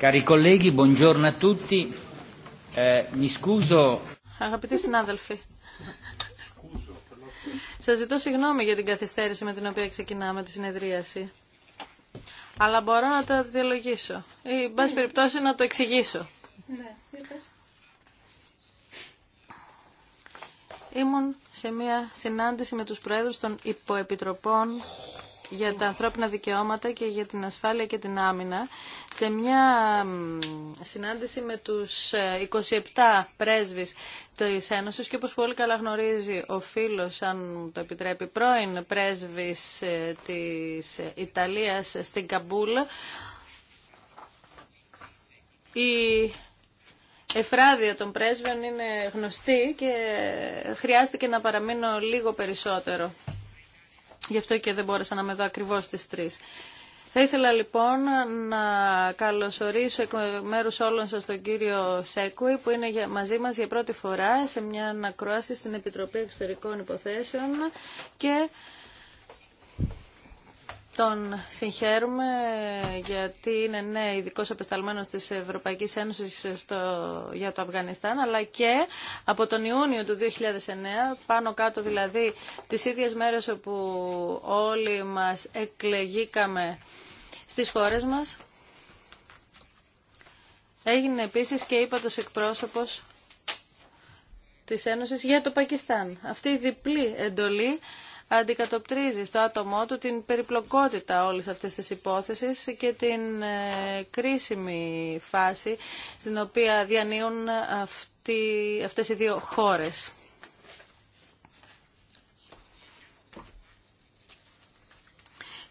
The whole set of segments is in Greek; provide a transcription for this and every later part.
Cari colleghi, buongiorno a tutti. Eh, mi scuso. Αγαπητοί συνάδελφοι, σας ζητώ συγγνώμη για την καθυστέρηση με την οποία ξεκινάμε τη συνεδρίαση. Αλλά μπορώ να τα διαλογήσω. Ή, εν πάση περιπτώσει, να το εξηγήσω. Ναι, Ήμουν σε μια συνάντηση με τους πρόεδρους των υποεπιτροπών για τα ανθρώπινα δικαιώματα και για την ασφάλεια και την άμυνα σε μια συνάντηση με τους 27 ε, πρέσβεις της Ένωσης και όπως πολύ καλά γνωρίζει ο φίλος, αν το επιτρέπει, πρώην πρέσβης ε, της Ιταλίας στην Καμπούλ, η εφράδια των πρέσβεων είναι γνωστή και χρειάστηκε να παραμείνω λίγο περισσότερο. Γι' αυτό και δεν μπόρεσα να με δω ακριβώς τις τρεις. Θα ήθελα λοιπόν να καλωσορίσω εκ μέρου όλων σας τον κύριο Σέκουι που είναι μαζί μας για πρώτη φορά σε μια ανακρόαση στην Επιτροπή Εξωτερικών Υποθέσεων και τον συγχαίρουμε γιατί είναι ναι ειδικό απεσταλμένο τη Ευρωπαϊκή Ένωση για το Αφγανιστάν, αλλά και από τον Ιούνιο του 2009, πάνω κάτω δηλαδή τι ίδιε μέρε όπου όλοι μα εκλεγήκαμε στι χώρε μα. Έγινε επίσης και είπα το εκπρόσωπος της Ένωσης για το Πακιστάν. Αυτή η διπλή εντολή αντικατοπτρίζει στο άτομό του την περιπλοκότητα όλη αυτή τη υπόθεση και την ε, κρίσιμη φάση στην οποία διανύουν αυτοί, αυτές οι δύο χώρες.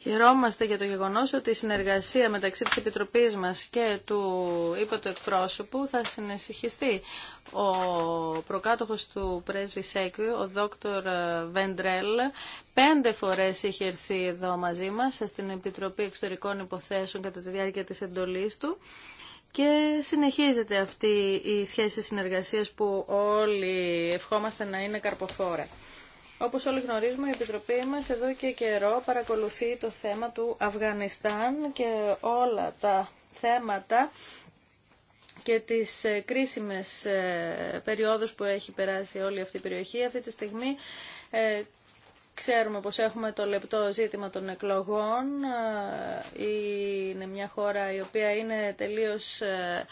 Χαιρόμαστε για το γεγονός ότι η συνεργασία μεταξύ της Επιτροπής μας και του είπα του εκπρόσωπου θα συνεσυχιστεί. Ο προκάτοχος του πρέσβη Σέκου, ο δόκτωρ Βεντρέλ, πέντε φορές είχε έρθει εδώ μαζί μας στην Επιτροπή Εξωτερικών Υποθέσεων κατά τη διάρκεια της εντολής του. Και συνεχίζεται αυτή η σχέση συνεργασίας που όλοι ευχόμαστε να είναι καρποφόρα. Όπως όλοι γνωρίζουμε, η Επιτροπή μας εδώ και καιρό παρακολουθεί το θέμα του Αφγανιστάν και όλα τα θέματα και τις ε, κρίσιμες ε, περιόδους που έχει περάσει όλη αυτή η περιοχή. Αυτή τη στιγμή ε, Ξέρουμε πως έχουμε το λεπτό ζήτημα των εκλογών. Ε, είναι μια χώρα η οποία είναι τελείως ε,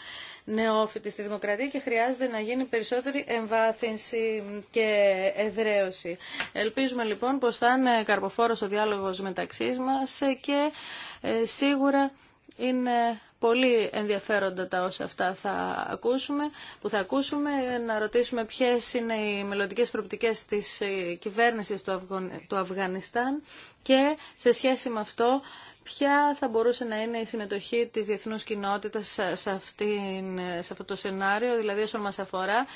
νεόφυτη στη δημοκρατία και χρειάζεται να γίνει περισσότερη εμβάθυνση και εδραίωση. Ελπίζουμε λοιπόν πως θα είναι καρποφόρος ο διάλογος μεταξύ μας και ε, σίγουρα είναι Πολύ ενδιαφέροντα τα όσα αυτά θα ακούσουμε, που θα ακούσουμε, να ρωτήσουμε ποιες είναι οι μελλοντικέ προπτικές της ε, κυβέρνησης του, Αφγανιστάν και σε σχέση με αυτό ποια θα μπορούσε να είναι η συμμετοχή της διεθνούς κοινότητας σε, αυτήν... σε αυτό το σενάριο, δηλαδή όσον μας αφορά,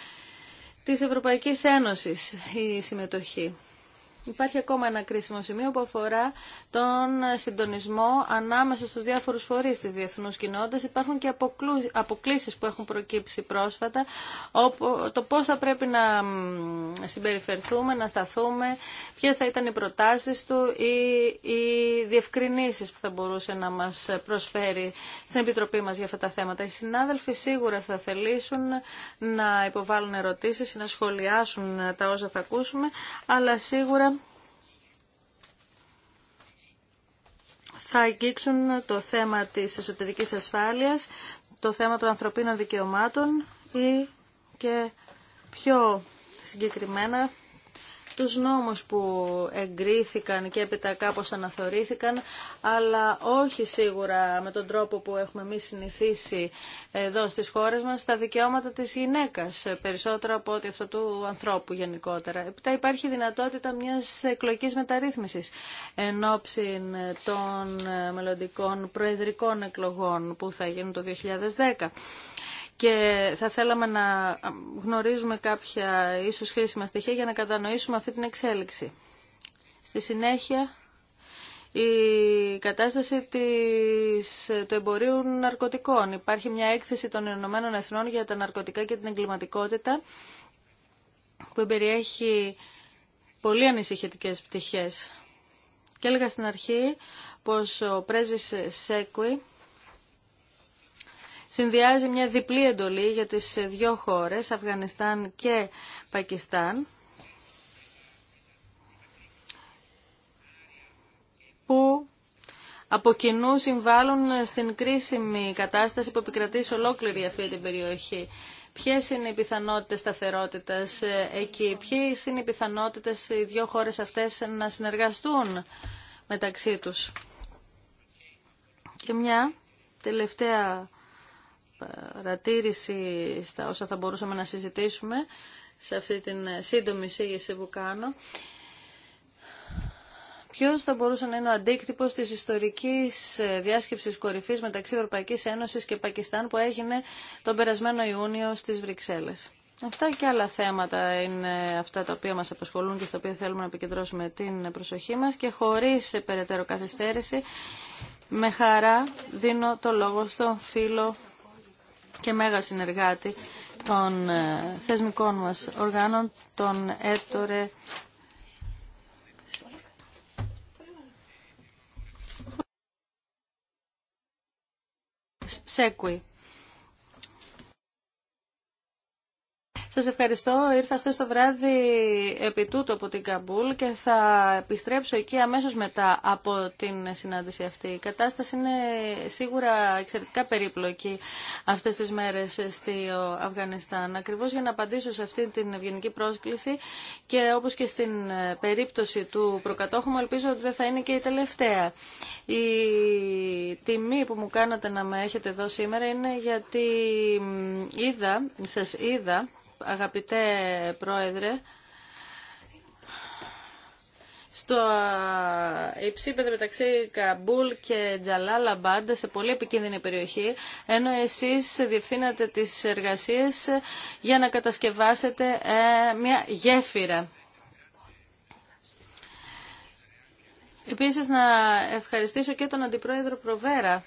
της Ευρωπαϊκής Ένωσης η συμμετοχή. Υπάρχει ακόμα ένα κρίσιμο σημείο που αφορά τον συντονισμό ανάμεσα στους διάφορους φορείς της διεθνούς κοινότητας. Υπάρχουν και αποκλήσεις που έχουν προκύψει πρόσφατα, το πώς θα πρέπει να συμπεριφερθούμε, να σταθούμε, ποιες θα ήταν οι προτάσεις του ή οι διευκρινήσεις που θα μπορούσε να μας προσφέρει στην Επιτροπή μας για αυτά τα θέματα. Οι συνάδελφοι σίγουρα θα θελήσουν να υποβάλουν ερωτήσεις ή να σχολιάσουν τα όσα θα ακούσουμε, αλλά σίγουρα θα αγγίξουν το θέμα της εσωτερικής ασφάλειας, το θέμα των ανθρωπίνων δικαιωμάτων ή και πιο συγκεκριμένα τους νόμους που εγκρίθηκαν και έπειτα κάπως αναθεωρήθηκαν, αλλά όχι σίγουρα με τον τρόπο που έχουμε εμεί συνηθίσει εδώ στις χώρες μας τα δικαιώματα της γυναίκας, περισσότερο από ότι αυτό του ανθρώπου γενικότερα. Επιτα υπάρχει δυνατότητα μιας εκλογικής μεταρρύθμισης εν ώψη των μελλοντικών προεδρικών εκλογών που θα γίνουν το 2010 και θα θέλαμε να γνωρίζουμε κάποια ίσως χρήσιμα στοιχεία για να κατανοήσουμε αυτή την εξέλιξη. Στη συνέχεια, η κατάσταση της, του εμπορίου ναρκωτικών. Υπάρχει μια έκθεση των Ηνωμένων Εθνών για τα ναρκωτικά και την εγκληματικότητα που περιέχει πολύ ανησυχητικές πτυχές. Και έλεγα στην αρχή πως ο πρέσβης Σέκουι συνδυάζει μια διπλή εντολή για τις ε, δύο χώρες, Αφγανιστάν και Πακιστάν, που από κοινού συμβάλλουν ε, στην κρίσιμη κατάσταση που επικρατεί σε ολόκληρη αυτή την περιοχή. Ποιε είναι οι πιθανότητε σταθερότητα ε, εκεί, ποιε είναι οι πιθανότητε οι δύο χώρε αυτέ να συνεργαστούν μεταξύ του. Και μια τελευταία παρατήρηση στα όσα θα μπορούσαμε να συζητήσουμε σε αυτή την σύντομη εισήγηση που κάνω. Ποιο θα μπορούσε να είναι ο αντίκτυπο τη ιστορική διάσκεψη κορυφή μεταξύ Ευρωπαϊκή Ένωση και Πακιστάν που έγινε τον περασμένο Ιούνιο στι Βρυξέλλε. Αυτά και άλλα θέματα είναι αυτά τα οποία μας απασχολούν και στα οποία θέλουμε να επικεντρώσουμε την προσοχή μας και χωρίς περαιτέρω καθυστέρηση με χαρά δίνω το λόγο στον φίλο και μέγα συνεργάτη των ε, θεσμικών μας οργάνων, τον Έτορε Σέκουι. Σας ευχαριστώ. Ήρθα χθε το βράδυ επί τούτου από την Καμπούλ και θα επιστρέψω εκεί αμέσως μετά από την συνάντηση αυτή. Η κατάσταση είναι σίγουρα εξαιρετικά περίπλοκη αυτές τις μέρες στο Αφγανιστάν. Ακριβώς για να απαντήσω σε αυτή την ευγενική πρόσκληση και όπως και στην περίπτωση του προκατόχου μου ελπίζω ότι δεν θα είναι και η τελευταία. Η τιμή που μου κάνατε να με έχετε εδώ σήμερα είναι γιατί είδα, σας είδα αγαπητέ Πρόεδρε, στο υψίπεδο μεταξύ Καμπούλ και Τζαλάλα Μπάντα σε πολύ επικίνδυνη περιοχή, ενώ εσείς διευθύνατε τις εργασίες για να κατασκευάσετε ε, μια γέφυρα. Επίσης να ευχαριστήσω και τον Αντιπρόεδρο Προβέρα,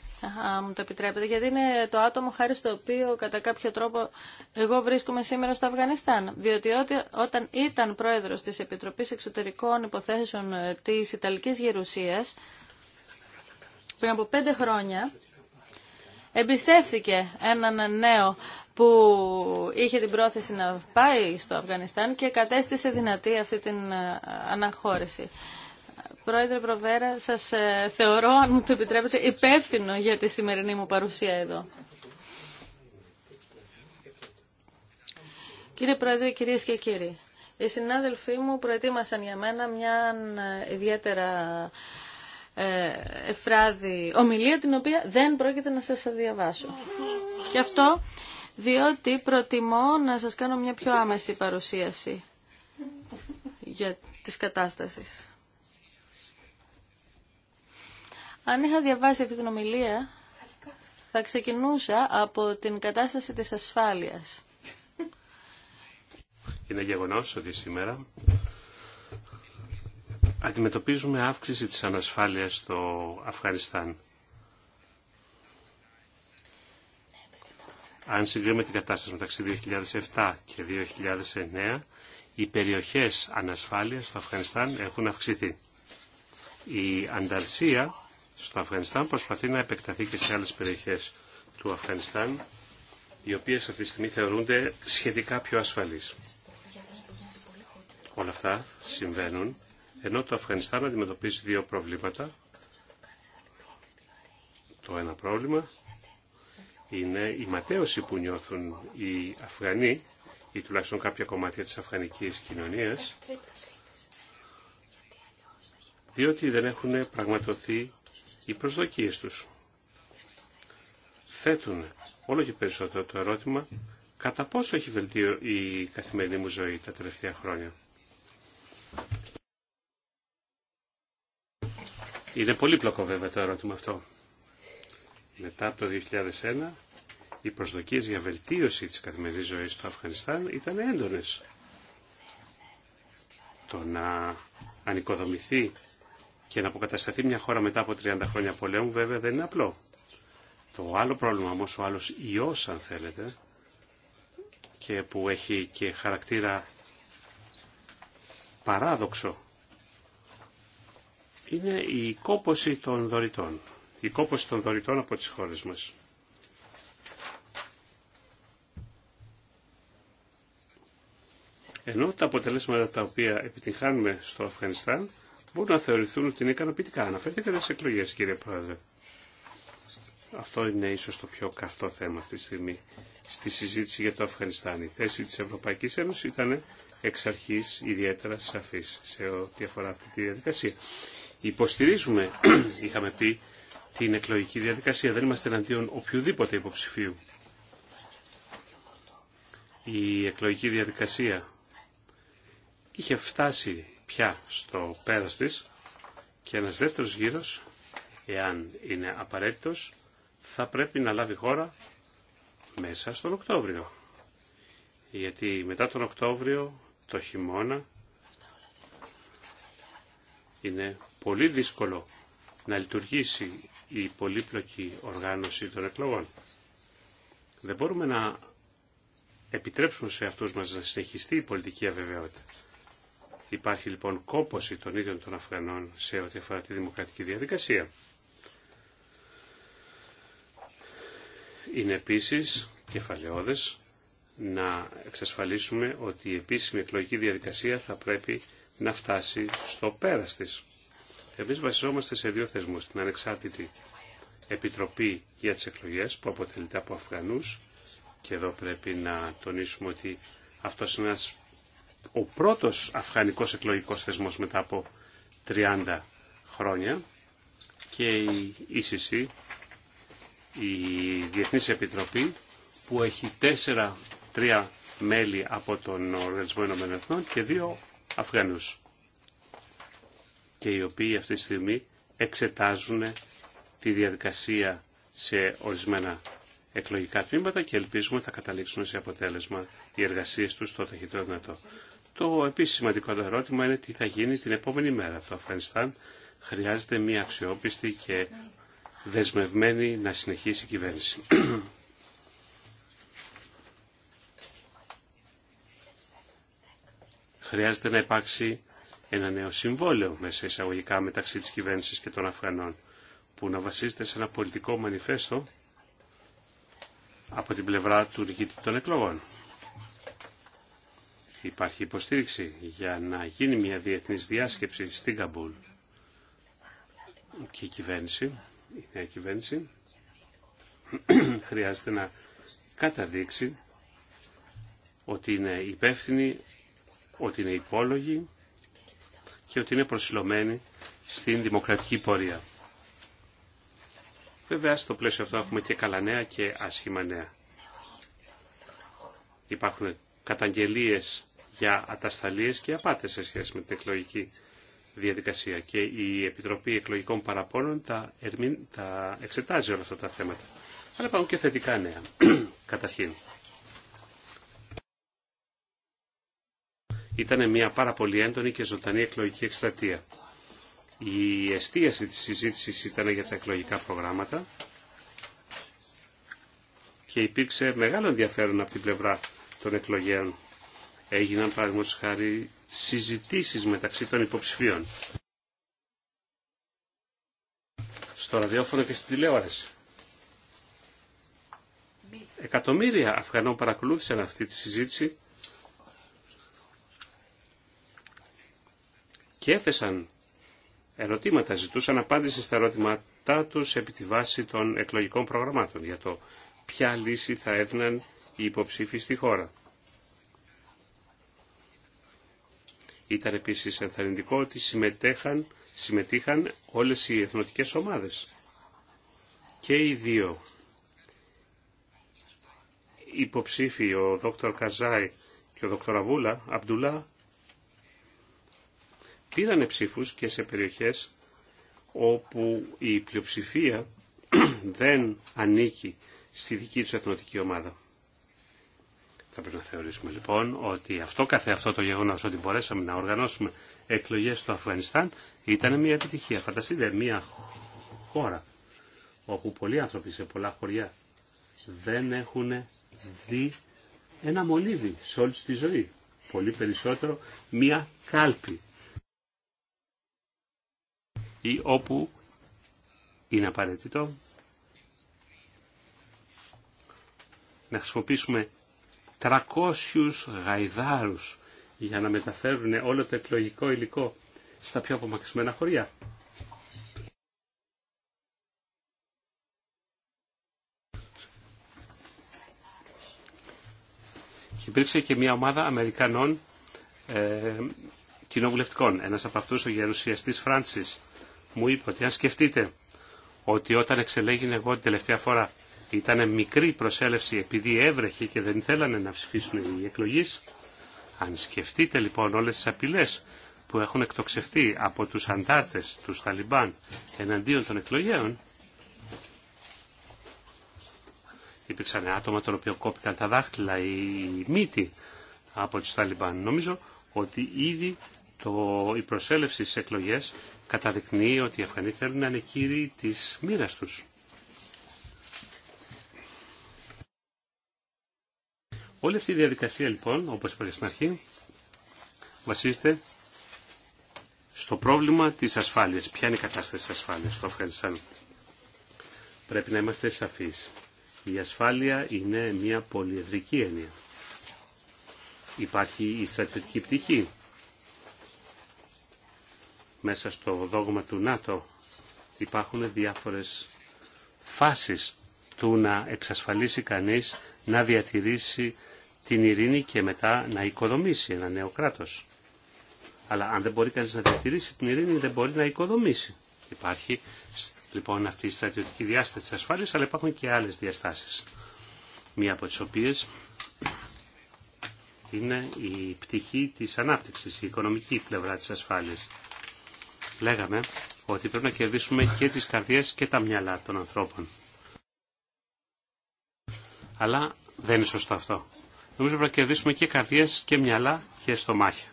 αν μου το επιτρέπετε, γιατί είναι το άτομο χάρη στο οποίο κατά κάποιο τρόπο εγώ βρίσκομαι σήμερα στο Αφγανιστάν. Διότι όταν ήταν πρόεδρος της Επιτροπής Εξωτερικών Υποθέσεων της Ιταλικής Γερουσίας, πριν από πέντε χρόνια, εμπιστεύθηκε έναν νέο που είχε την πρόθεση να πάει στο Αφγανιστάν και κατέστησε δυνατή αυτή την ε, αναχώρηση. Πρόεδρε Προβέρα, σας ε, θεωρώ, αν μου το επιτρέπετε, υπεύθυνο για τη σημερινή μου παρουσία εδώ. Κύριε Πρόεδρε, κυρίες και κύριοι, οι συνάδελφοί μου προετοίμασαν για μένα μια ε, ιδιαίτερα ε, εφράδη ομιλία, την οποία δεν πρόκειται να σας διαβάσω. Και αυτό διότι προτιμώ να σας κάνω μια πιο άμεση παρουσίαση για τις κατάστασης. Αν είχα διαβάσει αυτή την ομιλία, θα ξεκινούσα από την κατάσταση της ασφάλειας. Είναι γεγονός ότι σήμερα αντιμετωπίζουμε αύξηση της ανασφάλειας στο Αφγανιστάν. Αν συγκρίνουμε την κατάσταση μεταξύ 2007 και 2009, οι περιοχές ανασφάλειας στο Αφγανιστάν έχουν αυξηθεί. Η ανταρσία στο Αφγανιστάν προσπαθεί να επεκταθεί και σε άλλες περιοχές του Αφγανιστάν, οι οποίες αυτή τη στιγμή θεωρούνται σχετικά πιο ασφαλείς. Όλα αυτά συμβαίνουν, ενώ το Αφγανιστάν αντιμετωπίζει δύο προβλήματα. Το ένα πρόβλημα είναι η ματέωση που νιώθουν οι Αφγανοί ή τουλάχιστον κάποια κομμάτια της αφγανικής κοινωνίας, διότι δεν έχουν πραγματοθεί οι προσδοκίες τους. Θέτουν όλο και περισσότερο το ερώτημα κατά πόσο έχει βελτιωθεί η καθημερινή μου ζωή τα τελευταία χρόνια. Είναι πολύπλοκο βέβαια το ερώτημα αυτό. Μετά από το 2001 οι προσδοκίες για βελτίωση της καθημερινής ζωής στο Αφγανιστάν ήταν έντονες. Το να ανοικοδομηθεί και να αποκατασταθεί μια χώρα μετά από 30 χρόνια πολέμου βέβαια δεν είναι απλό. Το άλλο πρόβλημα όμως, ο άλλος ιός αν θέλετε, και που έχει και χαρακτήρα παράδοξο, είναι η κόπωση των δωρητών. Η κόπωση των δωρητών από τις χώρες μας. Ενώ τα αποτελέσματα τα οποία επιτυγχάνουμε στο Αφγανιστάν μπορούν να θεωρηθούν ότι είναι ικανοποιητικά. Αναφέρθηκατε τι εκλογέ, κύριε Πρόεδρε. Αυτό είναι ίσω το πιο καυτό θέμα αυτή τη στιγμή στη συζήτηση για το Αφγανιστάν. Η θέση τη Ευρωπαϊκή Ένωση ήταν εξ αρχή ιδιαίτερα σαφή σε ό,τι αφορά αυτή τη διαδικασία. Υποστηρίζουμε, είχαμε πει, την εκλογική διαδικασία. Δεν είμαστε εναντίον οποιοδήποτε υποψηφίου. Η εκλογική διαδικασία είχε φτάσει πια στο πέρας της και ένας δεύτερος γύρος, εάν είναι απαραίτητος, θα πρέπει να λάβει χώρα μέσα στον Οκτώβριο. Γιατί μετά τον Οκτώβριο, το χειμώνα, είναι πολύ δύσκολο να λειτουργήσει η πολύπλοκη οργάνωση των εκλογών. Δεν μπορούμε να επιτρέψουμε σε αυτούς μας να συνεχιστεί η πολιτική αβεβαιότητα. Υπάρχει λοιπόν κόπωση των ίδιων των Αφγανών σε ό,τι αφορά τη δημοκρατική διαδικασία. Είναι επίσης κεφαλαιόδες να εξασφαλίσουμε ότι η επίσημη εκλογική διαδικασία θα πρέπει να φτάσει στο πέρας της. Εμείς βασιζόμαστε σε δύο θεσμούς, την ανεξάρτητη Επιτροπή για τις εκλογές που αποτελείται από Αφγανούς και εδώ πρέπει να τονίσουμε ότι αυτό είναι ένας ο πρώτος αφγανικός εκλογικός θεσμός μετά από 30 χρόνια και η ICC, η Διεθνής Επιτροπή, που έχει τέσσερα, τρία μέλη από τον Οργανισμό Ηνωμένων Εθνών και δύο Αφγανούς και οι οποίοι αυτή τη στιγμή εξετάζουν τη διαδικασία σε ορισμένα εκλογικά τμήματα και ελπίζουμε θα καταλήξουν σε αποτέλεσμα οι εργασίε του στο ταχύτερο δυνατό. Το επίσης σημαντικό ερώτημα είναι τι θα γίνει την επόμενη μέρα. Το Αφγανιστάν χρειάζεται μια αξιόπιστη και δεσμευμένη να συνεχίσει η κυβέρνηση. χρειάζεται να υπάρξει ένα νέο συμβόλαιο μέσα εισαγωγικά μεταξύ της κυβέρνησης και των Αφγανών που να βασίζεται σε ένα πολιτικό μανιφέστο από την πλευρά του νικητή των εκλογών. Υπάρχει υποστήριξη για να γίνει μια διεθνής διάσκεψη στην Καμπούλ και η κυβέρνηση, νέα κυβέρνηση, χρειάζεται να καταδείξει ότι είναι υπεύθυνη, ότι είναι υπόλογη και ότι είναι προσιλωμένη στην δημοκρατική πορεία. Βέβαια, στο πλαίσιο αυτό έχουμε και καλά και άσχημα νέα. Υπάρχουν καταγγελίες για ατασταλίες και απάτες σε σχέση με την εκλογική διαδικασία. Και η Επιτροπή Εκλογικών Παραπώνων τα, τα εξετάζει όλα αυτά τα θέματα. Αλλά υπάρχουν και θετικά νέα, καταρχήν. Ήταν μια πάρα πολύ έντονη και ζωντανή εκλογική εκστρατεία. Η εστίαση της συζήτησης ήταν για τα εκλογικά προγράμματα και υπήρξε μεγάλο ενδιαφέρον από την πλευρά των εκλογέων έγιναν παραδείγματο χάρη συζητήσεις μεταξύ των υποψηφίων. Στο ραδιόφωνο και στην τηλεόραση. Εκατομμύρια Αφγανών παρακολούθησαν αυτή τη συζήτηση και έθεσαν ερωτήματα, ζητούσαν απάντηση στα ερώτηματά τους επί τη βάση των εκλογικών προγραμμάτων για το ποια λύση θα έδιναν οι υποψήφοι στη χώρα. Ήταν επίσης ενθαρρυντικό ότι συμμετέχαν, συμμετείχαν όλες οι εθνοτικές ομάδες. Και οι δύο υποψήφοι, ο δόκτωρ Καζάη και ο Δ. Αβούλα, Αμπτουλά, πήραν ψήφους και σε περιοχές όπου η πλειοψηφία δεν ανήκει στη δική τους εθνοτική ομάδα. Θα πρέπει να θεωρήσουμε λοιπόν ότι αυτό αυτό το γεγονός ότι μπορέσαμε να οργανώσουμε εκλογές στο Αφγανιστάν ήταν μια επιτυχία. Φανταστείτε μια χώρα όπου πολλοί άνθρωποι σε πολλά χωριά δεν έχουν δει ένα μολύβι σε όλη τη ζωή. Πολύ περισσότερο μια κάλπη ή όπου είναι απαραίτητο να χρησιμοποιήσουμε 300 γαϊδάρους για να μεταφέρουν όλο το εκλογικό υλικό στα πιο απομακρυσμένα χωριά. Και υπήρξε και μια ομάδα Αμερικανών ε, κοινοβουλευτικών. Ένας από αυτούς, ο γερουσιαστής Φράνσις, μου είπε ότι αν σκεφτείτε ότι όταν εξελέγει εγώ την τελευταία φορά ήταν μικρή προσέλευση επειδή έβρεχε και δεν θέλανε να ψηφίσουν οι εκλογείς. Αν σκεφτείτε λοιπόν όλες τις απειλές που έχουν εκτοξευθεί από τους αντάρτες, του Ταλιμπάν, εναντίον των εκλογέων, υπήρξαν άτομα των οποίων κόπηκαν τα δάχτυλα, η μύτη από τους Ταλιμπάν. Νομίζω ότι ήδη το, η προσέλευση στις εκλογές καταδεικνύει ότι οι Αφγανοί θέλουν να είναι κύριοι της μοιρας τους. Όλη αυτή η διαδικασία λοιπόν, όπως είπα στην αρχή, βασίζεται στο πρόβλημα της ασφάλειας. Ποια είναι η κατάσταση της ασφάλειας στο Αφγανιστάν. Πρέπει να είμαστε σαφείς. Η ασφάλεια είναι μια πολυεδρική έννοια. Υπάρχει η στρατιωτική πτυχή μέσα στο δόγμα του ΝΑΤΟ υπάρχουν διάφορες φάσεις του να εξασφαλίσει κανείς να διατηρήσει την ειρήνη και μετά να οικοδομήσει ένα νέο κράτος. Αλλά αν δεν μπορεί κανείς να διατηρήσει την ειρήνη δεν μπορεί να οικοδομήσει. Υπάρχει λοιπόν αυτή η στρατιωτική διάσταση της ασφάλειας αλλά υπάρχουν και άλλες διαστάσεις. Μία από τις οποίες είναι η πτυχή της ανάπτυξης, η οικονομική πλευρά της ασφάλειας. Λέγαμε ότι πρέπει να κερδίσουμε και τις καρδιές και τα μυαλά των ανθρώπων. Αλλά δεν είναι σωστό αυτό. Νομίζω πρέπει να κερδίσουμε και καρδιές και μυαλά και στομάχια.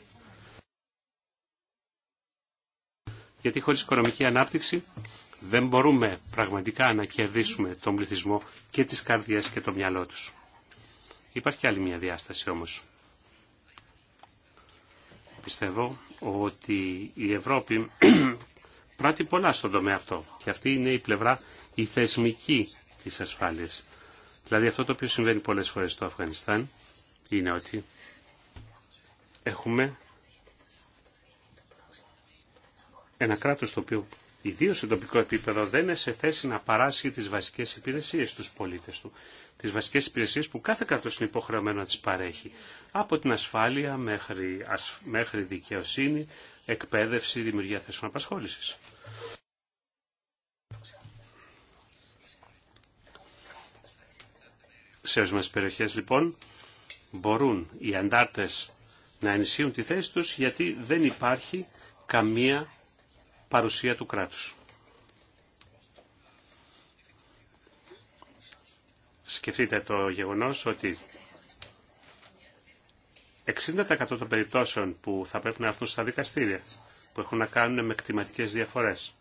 Γιατί χωρίς οικονομική ανάπτυξη δεν μπορούμε πραγματικά να κερδίσουμε τον πληθυσμό και τις καρδιές και το μυαλό τους. Υπάρχει άλλη μια διάσταση όμως. Πιστεύω ότι η Ευρώπη πράττει πολλά στον τομέα αυτό και αυτή είναι η πλευρά η θεσμική της ασφάλειας. Δηλαδή αυτό το οποίο συμβαίνει πολλές φορές στο Αφγανιστάν είναι ότι έχουμε ένα κράτος το οποίο ιδίως σε τοπικό επίπεδο δεν είναι σε θέση να παράσχει τις βασικές υπηρεσίες στους πολίτες του. Τις βασικές υπηρεσίες που κάθε κράτος είναι υποχρεωμένο να τις παρέχει. Από την ασφάλεια μέχρι, μέχρι δικαιοσύνη, εκπαίδευση, δημιουργία θέσεων απασχόλησης. Σε όσες περιοχές λοιπόν μπορούν οι αντάρτες να ενισχύουν τη θέση τους γιατί δεν υπάρχει καμία παρουσία του κράτους. Σκεφτείτε το γεγονός ότι 60% των περιπτώσεων που θα πρέπει να έρθουν στα δικαστήρια, που έχουν να κάνουν με κτηματικές διαφορές.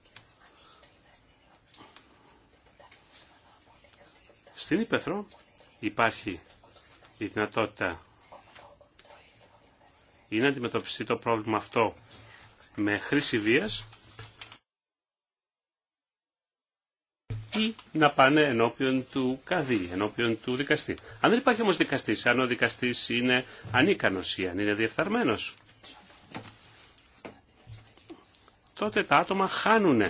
Στην Ήπεθρο υπάρχει η δυνατότητα είναι να αντιμετωπιστεί το πρόβλημα αυτό με χρήση βίας ή να πάνε ενώπιον του καδί, ενώπιον του δικαστή. Αν δεν υπάρχει όμως δικαστής, αν ο δικαστής είναι ανίκανος ή αν είναι διεφθαρμένος, τότε τα άτομα χάνουν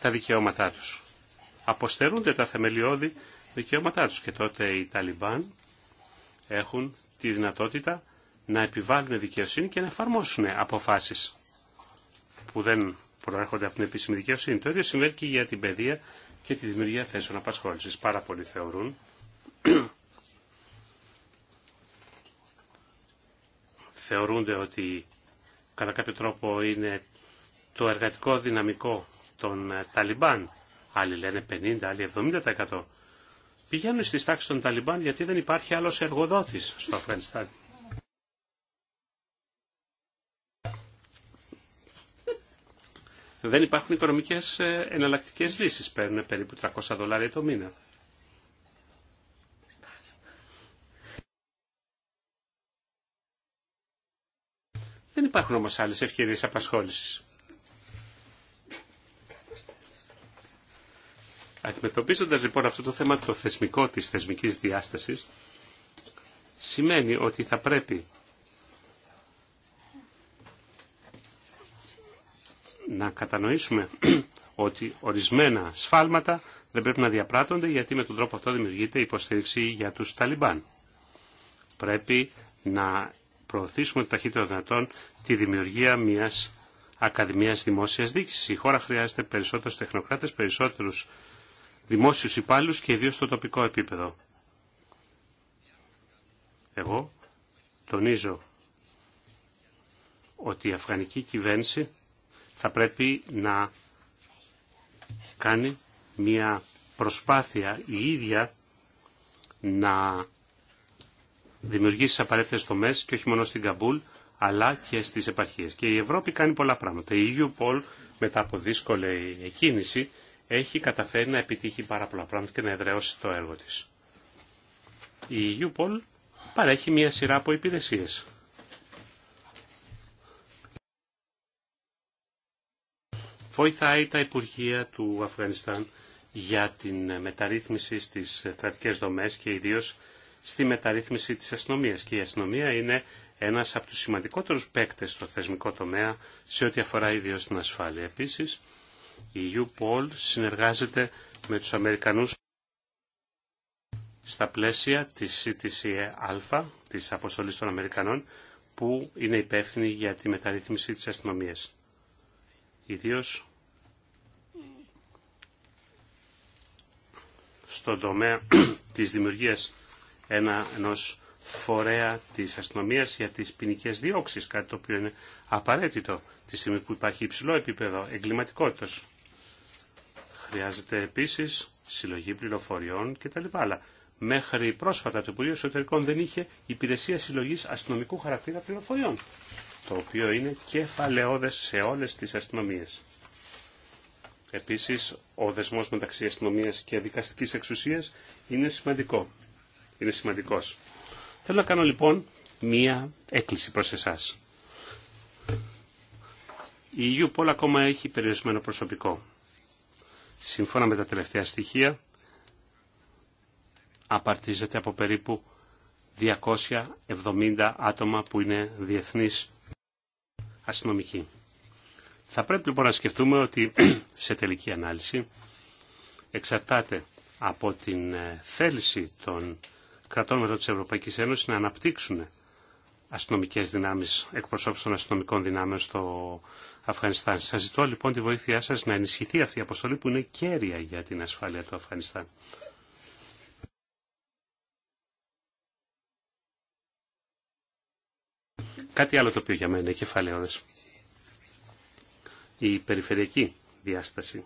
τα δικαιώματά τους. Αποστερούνται τα θεμελιώδη δικαιώματά τους και τότε οι Ταλιμπάν έχουν τη δυνατότητα να επιβάλλουν δικαιοσύνη και να εφαρμόσουν αποφάσεις που δεν προέρχονται από την επίσημη δικαιοσύνη. Το ίδιο συμβαίνει και για την παιδεία και τη δημιουργία θέσεων απασχόλησης. Πάρα πολλοί θεωρούν θεωρούνται ότι κατά κάποιο τρόπο είναι το εργατικό δυναμικό των ε, Ταλιμπάν. Άλλοι λένε 50, άλλοι 70% πηγαίνουν στις τάξεις των Ταλιμπάν γιατί δεν υπάρχει άλλος εργοδότης στο Αφγανιστάν. Δεν υπάρχουν οικονομικές ε, εναλλακτικές λύσεις. Παίρνουν περίπου 300 δολάρια το μήνα. Δεν υπάρχουν όμως άλλες ευκαιρίες απασχόλησης. Αντιμετωπίζοντας λοιπόν αυτό το θέμα το θεσμικό της θεσμικής διάστασης, σημαίνει ότι θα πρέπει να κατανοήσουμε ότι ορισμένα σφάλματα δεν πρέπει να διαπράττονται γιατί με τον τρόπο αυτό δημιουργείται υποστήριξη για τους Ταλιμπάν. Πρέπει να προωθήσουμε το ταχύτερο δυνατόν τη δημιουργία μιας Ακαδημίας Δημόσιας Δίκησης. Η χώρα χρειάζεται περισσότερους τεχνοκράτες, περισσότερους δημόσιους υπάλληλους και ιδίως στο τοπικό επίπεδο. Εγώ τονίζω ότι η αφγανική κυβέρνηση θα πρέπει να κάνει μια προσπάθεια η ίδια να δημιουργήσει απαραίτητε τομέ και όχι μόνο στην Καμπούλ, αλλά και στις επαρχίες. Και η Ευρώπη κάνει πολλά πράγματα. Η EUPOL μετά από δύσκολη εκκίνηση έχει καταφέρει να επιτύχει πάρα πολλά πράγματα και να εδραιώσει το έργο της. Η EUPOL παρέχει μία σειρά από υπηρεσίες. Βοηθάει τα Υπουργεία του Αφγανιστάν για την μεταρρύθμιση στις κρατικές δομές και ιδίως στη μεταρρύθμιση της αστυνομία. Και η αστυνομία είναι ένας από τους σημαντικότερους παίκτες στο θεσμικό τομέα σε ό,τι αφορά ιδίως την ασφάλεια. Επίσης, η U-POL συνεργάζεται με τους Αμερικανούς στα πλαίσια της CTCA, της αποστολής των Αμερικανών, που είναι υπεύθυνη για τη μεταρρύθμιση της αστυνομία. Ιδίως στον τομέα της δημιουργίας ένα, ενός φορέα της αστυνομίας για τις ποινικέ διώξεις, κάτι το οποίο είναι απαραίτητο τη στιγμή που υπάρχει υψηλό επίπεδο εγκληματικότητας. Χρειάζεται επίσης συλλογή πληροφοριών κτλ. Αλλά μέχρι πρόσφατα το Υπουργείο Εσωτερικών δεν είχε υπηρεσία συλλογής αστυνομικού χαρακτήρα πληροφοριών, το οποίο είναι κεφαλαιόδες σε όλες τις αστυνομίες. Επίσης, ο δεσμός μεταξύ αστυνομίας και δικαστικής εξουσίας είναι σημαντικό. Είναι σημαντικός. Θέλω να κάνω λοιπόν μία έκκληση προς εσάς. Η EU ακόμα έχει περιορισμένο προσωπικό σύμφωνα με τα τελευταία στοιχεία, απαρτίζεται από περίπου 270 άτομα που είναι διεθνείς αστυνομικοί. Θα πρέπει λοιπόν να σκεφτούμε ότι σε τελική ανάλυση εξαρτάται από την ε, θέληση των κρατών μετά της Ευρωπαϊκής Ένωσης να αναπτύξουν αστυνομικές δυνάμεις, εκπροσώπους των αστυνομικών δυνάμεων στο, Αφγανιστάν. Σας ζητώ λοιπόν τη βοήθειά σα να ενισχυθεί αυτή η αποστολή που είναι κέρια για την ασφάλεια του Αφγανιστάν. Κάτι άλλο το οποίο για μένα είναι κεφαλαίωδες. Η περιφερειακή διάσταση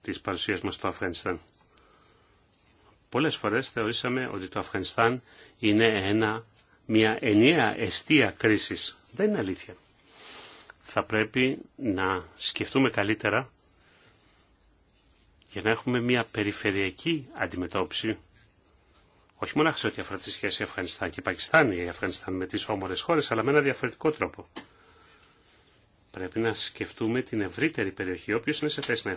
τη παρουσίας μας στο Αφγανιστάν. Πολλές φορές θεωρήσαμε ότι το Αφγανιστάν είναι ένα μια ενιαία αιστεία κρίσης. Δεν είναι αλήθεια. Θα πρέπει να σκεφτούμε καλύτερα για να έχουμε μια περιφερειακή αντιμετώπιση όχι μόνο σε ό,τι αφορά τη σχέση Αφγανιστάν και Πακιστάν ή Αφγανιστάν με τις όμορες χώρες, αλλά με ένα διαφορετικό τρόπο. Πρέπει να σκεφτούμε την ευρύτερη περιοχή, όποιο είναι σε θέση να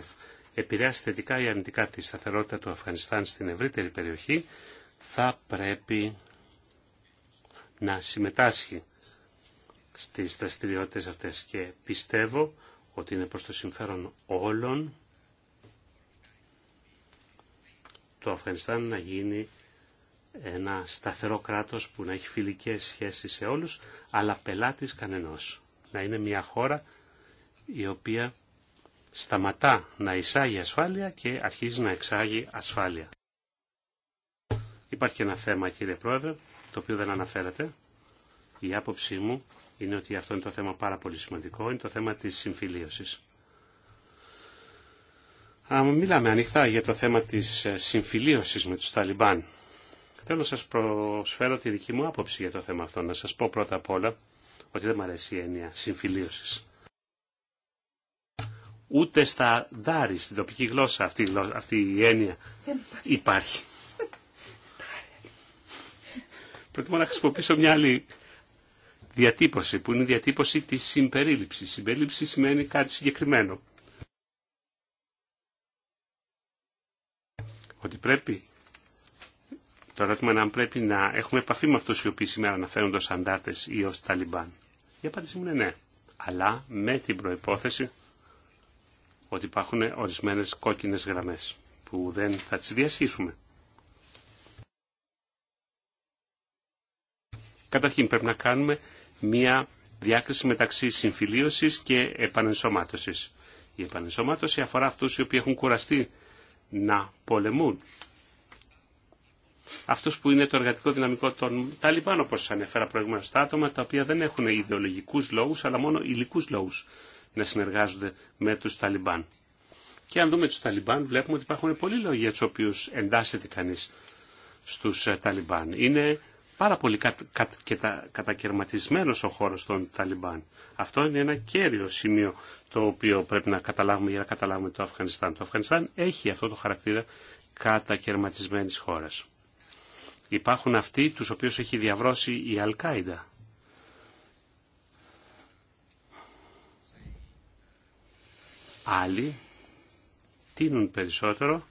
επηρεάσει θετικά ή αρνητικά τη σταθερότητα του Αφγανιστάν στην ευρύτερη περιοχή, θα πρέπει να συμμετάσχει στις δραστηριότητες αυτές και πιστεύω ότι είναι προς το συμφέρον όλων το Αφγανιστάν να γίνει ένα σταθερό κράτος που να έχει φιλικές σχέσεις σε όλους, αλλά πελάτης κανενός. Να είναι μια χώρα η οποία σταματά να εισάγει ασφάλεια και αρχίζει να εξάγει ασφάλεια. Υπάρχει ένα θέμα κύριε Πρόεδρε το οποίο δεν αναφέρατε. Η άποψή μου είναι ότι αυτό είναι το θέμα πάρα πολύ σημαντικό, είναι το θέμα της συμφιλίωσης. Αν μιλάμε ανοιχτά για το θέμα της ε, συμφιλίωσης με τους Ταλιμπάν, θέλω να σας προσφέρω τη δική μου άποψη για το θέμα αυτό. Να σας πω πρώτα απ' όλα ότι δεν μου αρέσει η έννοια συμφιλίωσης. Ούτε στα ντάρι, στην τοπική γλώσσα αυτή, αυτή η έννοια υπάρχει προτιμώ να χρησιμοποιήσω μια άλλη διατύπωση, που είναι η διατύπωση της συμπερίληψης. Συμπερίληψη σημαίνει κάτι συγκεκριμένο. Ότι πρέπει, το ερώτημα είναι αν πρέπει να έχουμε επαφή με αυτού οι οποίοι σήμερα αναφέρονται ω αντάρτες ή ως Ταλιμπάν. Η ω ταλιμπαν η απαντηση μου είναι ναι, αλλά με την προπόθεση ότι υπάρχουν ορισμένε κόκκινε γραμμέ που δεν θα τι διασχίσουμε. Καταρχήν πρέπει να κάνουμε μία διάκριση μεταξύ συμφιλίωσης και επανενσωμάτωσης. Η επανενσωμάτωση αφορά αυτούς οι οποίοι έχουν κουραστεί να πολεμούν. Αυτούς που είναι το εργατικό δυναμικό των Ταλιμπάν, όπως σας ανέφερα προηγουμένως, τα άτομα τα οποία δεν έχουν ιδεολογικούς λόγους, αλλά μόνο υλικούς λόγους να συνεργάζονται με τους Ταλιμπάν. Και αν δούμε τους Ταλιμπάν βλέπουμε ότι υπάρχουν πολλοί λόγοι για τους οποίους εντάσσεται κανείς στους ε, Ταλιμπάν. Είναι πάρα πολύ κα, κατακαιρματισμένος ο χώρος των Ταλιμπάν. Αυτό είναι ένα κέριο σημείο το οποίο πρέπει να καταλάβουμε για να καταλάβουμε το Αφγανιστάν. Το Αφγανιστάν έχει αυτό το χαρακτήρα κατακαιρματισμένης χώρας. Υπάρχουν αυτοί τους οποίους έχει διαβρώσει η Αλκαϊδα. Άλλοι τίνουν περισσότερο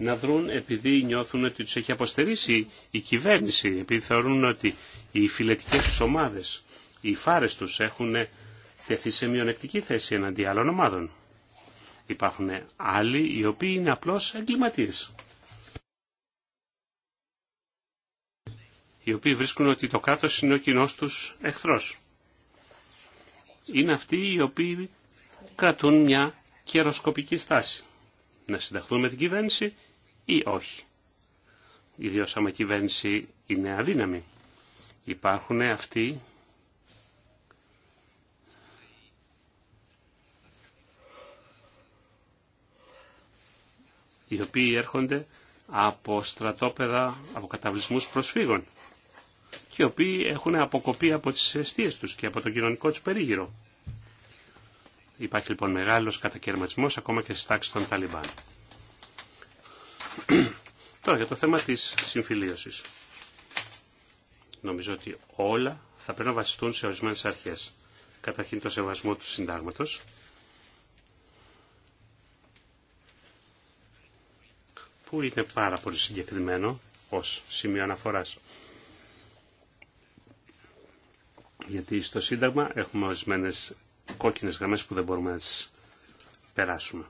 να δρουν επειδή νιώθουν ότι τους έχει αποστερήσει η κυβέρνηση, επειδή θεωρούν ότι οι φιλετικές τους ομάδες, οι φάρες τους έχουν τεθεί σε μειονεκτική θέση εναντί άλλων ομάδων. Υπάρχουν άλλοι οι οποίοι είναι απλώς εγκληματίες. Οι οποίοι βρίσκουν ότι το κάτω είναι ο κοινό τους εχθρός. Είναι αυτοί οι οποίοι κρατούν μια καιροσκοπική στάση. Να συνταχθούν με την κυβέρνηση ή όχι. Ιδίως άμα η κυβέρνηση είναι αδύναμη. Υπάρχουν αυτοί οι οποίοι έρχονται από στρατόπεδα, από καταβλισμούς προσφύγων και οι οποίοι έχουν αποκοπεί από τις αιστείες τους και από το κοινωνικό τους περίγυρο. Υπάρχει λοιπόν μεγάλος κατακαιρματισμός ακόμα και στις τάξεις των Ταλιμπάν. Τώρα για το θέμα της συμφιλίωσης. Νομίζω ότι όλα θα πρέπει να βασιστούν σε ορισμένες αρχές. Καταρχήν το σεβασμό του συντάγματος, που είναι πάρα πολύ συγκεκριμένο ως σημείο αναφοράς. Γιατί στο Σύνταγμα έχουμε ορισμένε κόκκινες γραμμές που δεν μπορούμε να τις περάσουμε.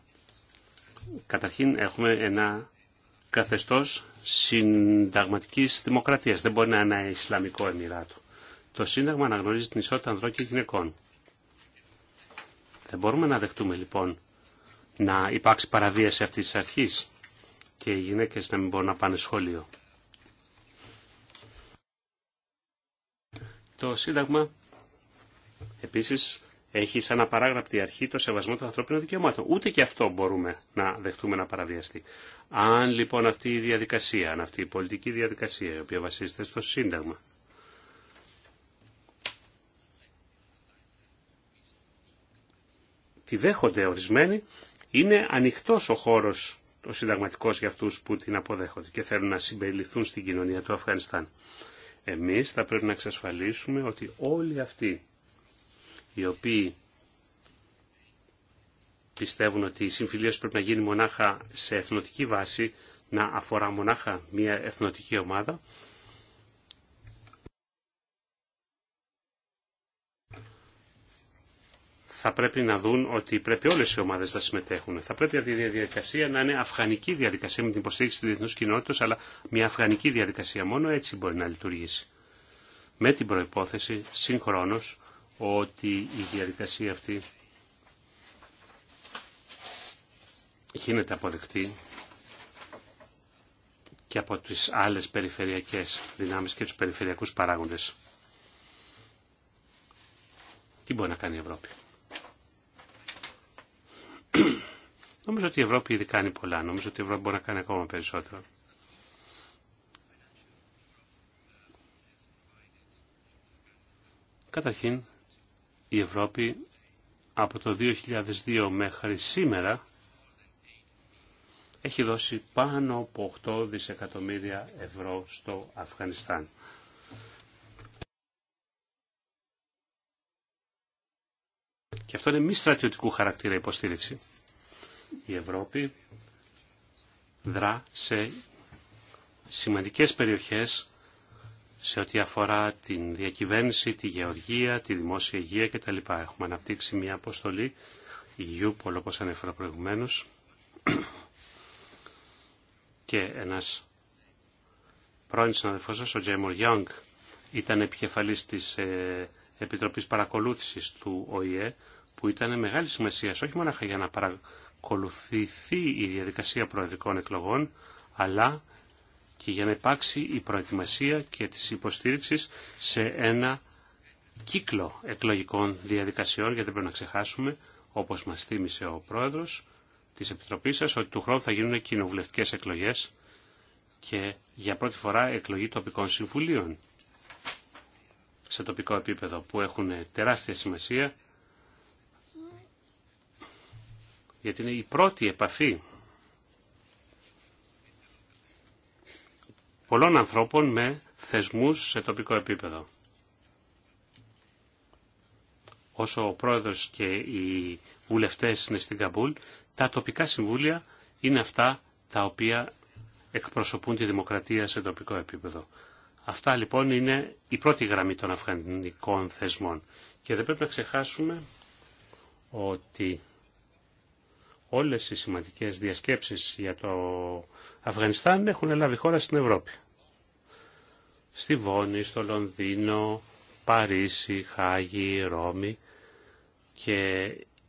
Καταρχήν έχουμε ένα καθεστώς συνταγματικής δημοκρατίας. Δεν μπορεί να είναι ένα Ισλαμικό Εμμυράτο. Το Σύνταγμα αναγνωρίζει την ισότητα ανδρών και γυναικών. Δεν μπορούμε να δεχτούμε λοιπόν να υπάρξει παραβίαση αυτής της αρχής και οι γυναίκες να μην μπορούν να πάνε σχολείο. Το Σύνταγμα επίσης έχει σαν απαράγραπτη αρχή το σεβασμό των ανθρώπινων δικαιωμάτων. Ούτε και αυτό μπορούμε να δεχτούμε να παραβιαστεί. Αν λοιπόν αυτή η διαδικασία, αν αυτή η πολιτική διαδικασία, η οποία βασίζεται στο Σύνταγμα, τη δέχονται ορισμένοι, είναι ανοιχτός ο χώρος ο συνταγματικός για αυτούς που την αποδέχονται και θέλουν να συμπεριληφθούν στην κοινωνία του Αφγανιστάν. Εμείς θα πρέπει να εξασφαλίσουμε ότι όλοι αυτοί οι οποίοι πιστεύουν ότι η συμφιλίωση πρέπει να γίνει μονάχα σε εθνοτική βάση, να αφορά μονάχα μια εθνοτική ομάδα. Θα πρέπει να δουν ότι πρέπει όλες οι ομάδες να συμμετέχουν. Θα πρέπει η διαδικασία να είναι αφγανική διαδικασία με την υποστήριξη της διεθνούς κοινότητας, αλλά μια αφγανική διαδικασία μόνο έτσι μπορεί να λειτουργήσει. Με την προϋπόθεση συγχρόνως ότι η διαδικασία αυτή γίνεται αποδεκτή και από τις άλλες περιφερειακές δυνάμεις και τους περιφερειακούς παράγοντες. Τι μπορεί να κάνει η Ευρώπη. Νομίζω ότι η Ευρώπη ήδη κάνει πολλά. Νομίζω ότι η Ευρώπη μπορεί να κάνει ακόμα περισσότερο. Καταρχήν, η Ευρώπη από το 2002 μέχρι σήμερα έχει δώσει πάνω από 8 δισεκατομμύρια ευρώ στο Αφγανιστάν. Και αυτό είναι μη στρατιωτικού χαρακτήρα υποστήριξη. Η Ευρώπη δρά σε σημαντικές περιοχές σε ό,τι αφορά την διακυβέρνηση, τη γεωργία, τη δημόσια υγεία κτλ. Έχουμε αναπτύξει μια αποστολή υγιού, όπως ανέφερα προηγουμένως, και ένας πρώην συναδελφός σας, ο Τζέιμορ Γιόγκ, ήταν επικεφαλής της ε, Επιτροπής Παρακολούθησης του ΟΗΕ, που ήταν μεγάλη σημασία όχι μόνο για να παρακολουθηθεί η διαδικασία προεδρικών εκλογών, αλλά και για να υπάρξει η προετοιμασία και της υποστήριξης σε ένα κύκλο εκλογικών διαδικασιών, γιατί πρέπει να ξεχάσουμε, όπως μας θύμισε ο πρόεδρος της Επιτροπής σας, ότι του χρόνου θα γίνουν κοινοβουλευτικές εκλογές και για πρώτη φορά εκλογή τοπικών συμβουλίων σε τοπικό επίπεδο που έχουν τεράστια σημασία γιατί είναι η πρώτη επαφή πολλών ανθρώπων με θεσμούς σε τοπικό επίπεδο. Όσο ο πρόεδρος και οι βουλευτές είναι στην Καμπούλ, τα τοπικά συμβούλια είναι αυτά τα οποία εκπροσωπούν τη δημοκρατία σε τοπικό επίπεδο. Αυτά λοιπόν είναι η πρώτη γραμμή των αφγανικών θεσμών. Και δεν πρέπει να ξεχάσουμε ότι όλες οι σημαντικές διασκέψεις για το Αφγανιστάν έχουν λάβει χώρα στην Ευρώπη. Στη Βόνη, στο Λονδίνο, Παρίσι, Χάγη, Ρώμη και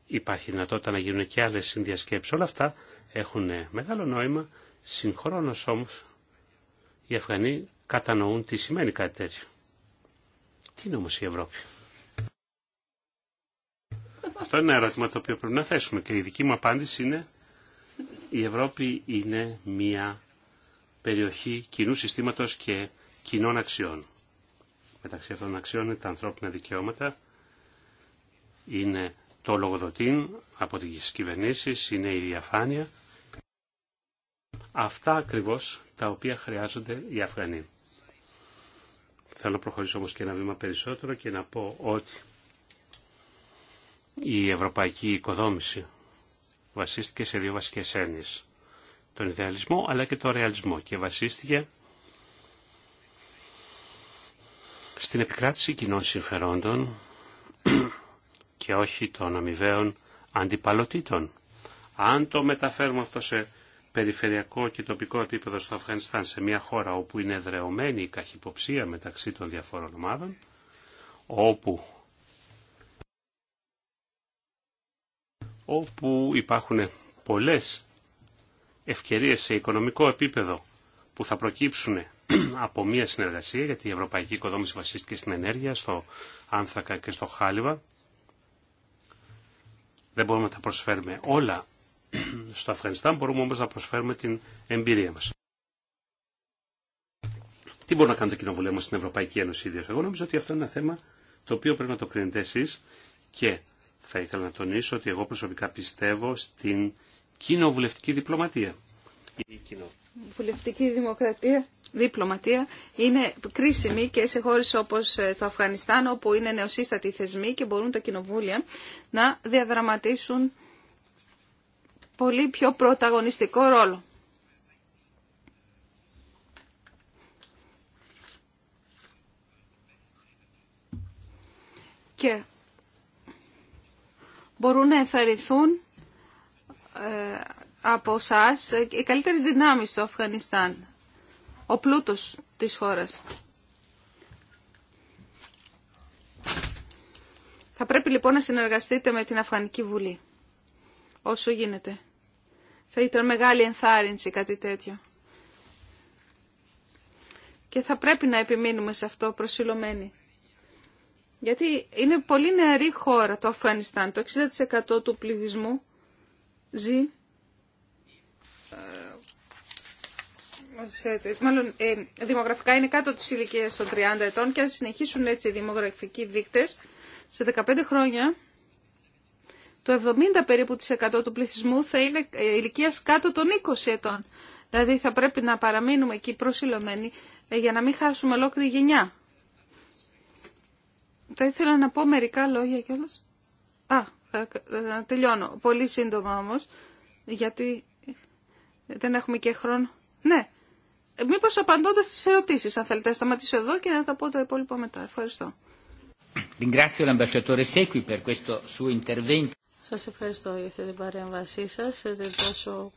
υπάρχει δυνατότητα να γίνουν και άλλες συνδιασκέψεις. Όλα αυτά έχουν μεγάλο νόημα, συγχρόνως όμως οι Αφγανοί κατανοούν τι σημαίνει κάτι τέτοιο. Τι είναι όμως η Ευρώπη. Αυτό είναι ένα ερώτημα το οποίο πρέπει να θέσουμε και η δική μου απάντηση είναι η Ευρώπη είναι μια περιοχή κοινού συστήματος και κοινών αξιών. Μεταξύ αυτών των αξιών είναι τα ανθρώπινα δικαιώματα, είναι το λογοδοτήν από τις κυβερνήσεις, είναι η διαφάνεια. Αυτά ακριβώς τα οποία χρειάζονται οι Αφγανοί. Θέλω να προχωρήσω όμως και ένα βήμα περισσότερο και να πω ότι η ευρωπαϊκή οικοδόμηση βασίστηκε σε δύο βασικές έννοιες. Τον ιδεαλισμό αλλά και τον ρεαλισμό και βασίστηκε στην επικράτηση κοινών συμφερόντων και όχι των αμοιβαίων αντιπαλωτήτων. Αν το μεταφέρουμε αυτό σε περιφερειακό και τοπικό επίπεδο στο Αφγανιστάν, σε μια χώρα όπου είναι δρεωμένη η καχυποψία μεταξύ των διαφόρων ομάδων, όπου όπου υπάρχουν πολλές ευκαιρίες σε οικονομικό επίπεδο που θα προκύψουν από μια συνεργασία, γιατί η ευρωπαϊκή οικοδόμηση βασίστηκε στην ενέργεια, στο άνθρακα και στο χάλιβα. Δεν μπορούμε να τα προσφέρουμε όλα στο Αφγανιστάν, μπορούμε όμως να προσφέρουμε την εμπειρία μας. Τι μπορεί να κάνει το Κοινοβουλίο μας στην Ευρωπαϊκή Ένωση ίδιος. Εγώ νομίζω ότι αυτό είναι ένα θέμα το οποίο πρέπει να το κρίνετε εσείς και θα ήθελα να τονίσω ότι εγώ προσωπικά πιστεύω στην κοινοβουλευτική διπλωματία. Η κοινοβουλευτική δημοκρατία, διπλωματία είναι κρίσιμη και σε χώρες όπως ε, το Αφγανιστάν όπου είναι νεοσύστατοι θεσμοί και μπορούν τα κοινοβούλια να διαδραματίσουν πολύ πιο πρωταγωνιστικό ρόλο. Και μπορούν να εφαιρεθούν ε, από εσά οι καλύτερες δυνάμεις στο Αφγανιστάν, ο πλούτος της χώρας. Θα πρέπει λοιπόν να συνεργαστείτε με την Αφγανική Βουλή, όσο γίνεται. Θα ήταν μεγάλη ενθάρρυνση κάτι τέτοιο. Και θα πρέπει να επιμείνουμε σε αυτό προσιλωμένοι. Γιατί είναι πολύ νεαρή χώρα το Αφγανιστάν. Το 60% του πληθυσμού ζει ε, μάλλον ε, δημογραφικά είναι κάτω της ηλικία των 30 ετών και αν συνεχίσουν έτσι οι δημογραφικοί δείκτες σε 15 χρόνια το 70 περίπου του πληθυσμού θα είναι ε, ηλικία κάτω των 20 ετών. Δηλαδή θα πρέπει να παραμείνουμε εκεί προσιλωμένοι για να μην χάσουμε ολόκληρη γενιά. Θα ήθελα να πω μερικά λόγια κιόλας. Α, θα, τελειώνω. Πολύ σύντομα όμως, γιατί δεν έχουμε και χρόνο. Ναι, ε, μήπως απαντώντας στις ερωτήσεις, αν θέλετε, σταματήσω εδώ και να τα πω τα υπόλοιπα μετά. Ευχαριστώ. Σας ευχαριστώ για αυτή την παρέμβασή σας, Είστε τόσο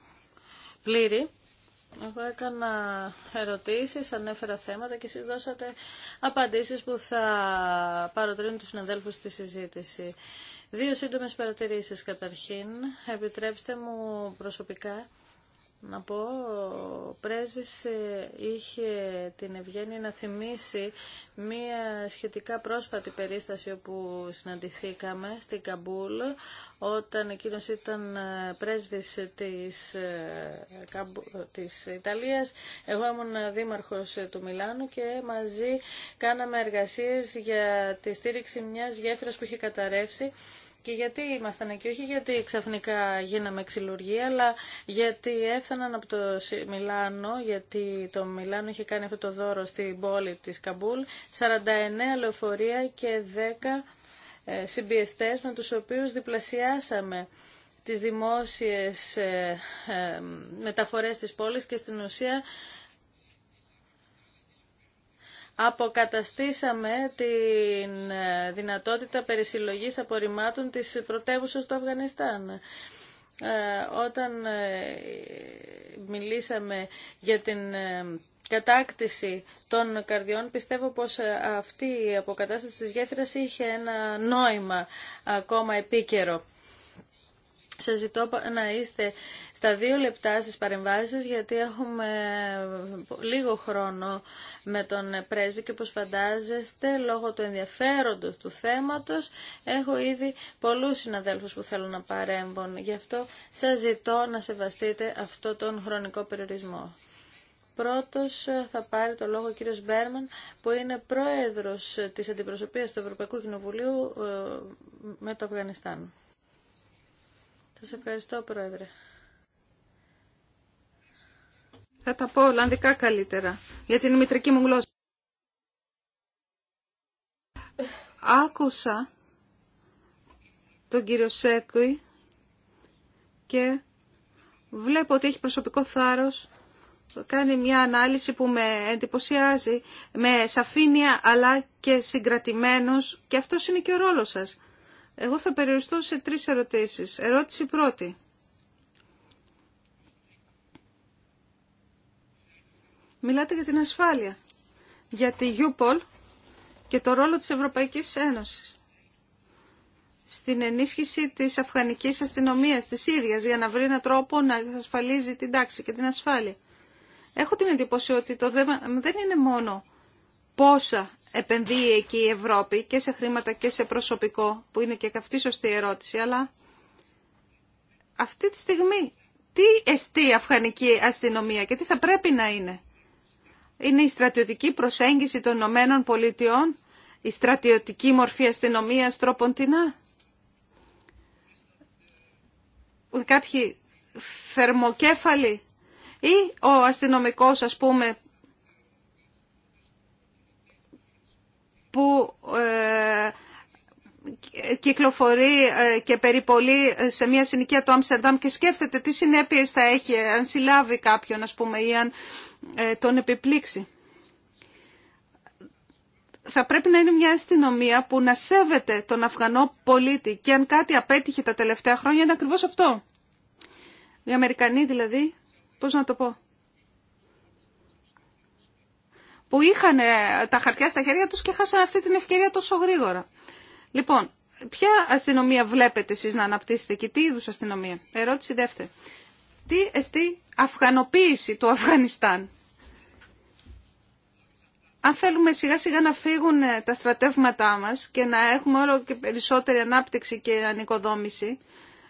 πλήρη. Εγώ έκανα ερωτήσεις, ανέφερα θέματα και εσείς δώσατε απαντήσεις που θα παροτρύνουν τους συναδέλφους στη συζήτηση. Δύο σύντομες παρατηρήσεις καταρχήν. Επιτρέψτε μου προσωπικά να πω, ο πρέσβης ε, είχε την ευγένεια να θυμίσει μία σχετικά πρόσφατη περίσταση όπου συναντηθήκαμε στην Καμπούλ, όταν εκείνος ήταν ε, πρέσβης της, ε, της Ιταλίας, εγώ ήμουν δήμαρχος του Μιλάνου και μαζί κάναμε εργασίες για τη στήριξη μιας γέφυρας που είχε καταρρεύσει και γιατί ήμασταν εκεί, όχι γιατί ξαφνικά γίναμε ξυλουργοί, αλλά γιατί έφταναν από το Μιλάνο, γιατί το Μιλάνο είχε κάνει αυτό το δώρο στην πόλη της Καμπούλ, 49 λεωφορεία και 10 ε, συμπιεστές με τους οποίους διπλασιάσαμε τις δημόσιες ε, ε, μεταφορές της πόλης και στην ουσία αποκαταστήσαμε την ε, δυνατότητα περισυλλογής απορριμμάτων της πρωτεύουσα του Αφγανιστάν. Ε, όταν ε, μιλήσαμε για την κατάκτηση των καρδιών, πιστεύω πως αυτή η αποκατάσταση της γέφυρας είχε ένα νόημα ακόμα επίκαιρο. Σα ζητώ να είστε στα δύο λεπτά στι παρεμβάσει γιατί έχουμε λίγο χρόνο με τον πρέσβη και όπω φαντάζεστε λόγω του ενδιαφέροντος του θέματος έχω ήδη πολλούς συναδέλφους που θέλουν να παρέμβουν. Γι' αυτό σας ζητώ να σεβαστείτε αυτό τον χρονικό περιορισμό. Πρώτος θα πάρει το λόγο ο κύριος Μπέρμαν που είναι πρόεδρος της αντιπροσωπείας του Ευρωπαϊκού Κοινοβουλίου ε, με το Αφγανιστάν. Σας ευχαριστώ, Πρόεδρε. Θα τα πω Ολλανδικά καλύτερα, γιατί είναι η μητρική μου γλώσσα. Άκουσα τον κύριο Σέκουι και βλέπω ότι έχει προσωπικό θάρρος κάνει μια ανάλυση που με εντυπωσιάζει με σαφήνεια αλλά και συγκρατημένος και αυτό είναι και ο ρόλος σας εγώ θα περιοριστώ σε τρεις ερωτήσεις. Ερώτηση πρώτη. Μιλάτε για την ασφάλεια, για τη UPOL και το ρόλο της Ευρωπαϊκής Ένωσης στην ενίσχυση της αφγανικής αστυνομίας της ίδιας για να βρει έναν τρόπο να ασφαλίζει την τάξη και την ασφάλεια. Έχω την εντύπωση ότι το δεν είναι μόνο πόσα επενδύει εκεί η Ευρώπη και σε χρήματα και σε προσωπικό, που είναι και αυτή σωστή ερώτηση, αλλά αυτή τη στιγμή τι εστί η αφγανική αστυνομία και τι θα πρέπει να είναι. Είναι η στρατιωτική προσέγγιση των Ηνωμένων Πολιτειών, η στρατιωτική μορφή αστυνομία τρόπον τεινά. Κάποιοι θερμοκέφαλοι ή ο αστυνομικός ας πούμε που ε, κυκλοφορεί ε, και περιπολεί σε μια συνοικία του Άμστερνταμ και σκέφτεται τι συνέπειες θα έχει αν συλλάβει κάποιον ας πούμε ή αν ε, τον επιπλήξει. Θα πρέπει να είναι μια αστυνομία που να σέβεται τον Αφγανό πολίτη και αν κάτι απέτυχε τα τελευταία χρόνια είναι ακριβώς αυτό. Οι Αμερικανοί δηλαδή, πώς να το πω, που είχαν ε, τα χαρτιά στα χέρια τους και χάσαν αυτή την ευκαιρία τόσο γρήγορα. Λοιπόν, ποια αστυνομία βλέπετε εσείς να αναπτύσσετε και τι είδους αστυνομία. Ερώτηση δεύτερη. Τι εστί αφγανοποίηση του Αφγανιστάν. Αν θέλουμε σιγά σιγά να φύγουν ε, τα στρατεύματά μας και να έχουμε όλο και περισσότερη ανάπτυξη και ανοικοδόμηση,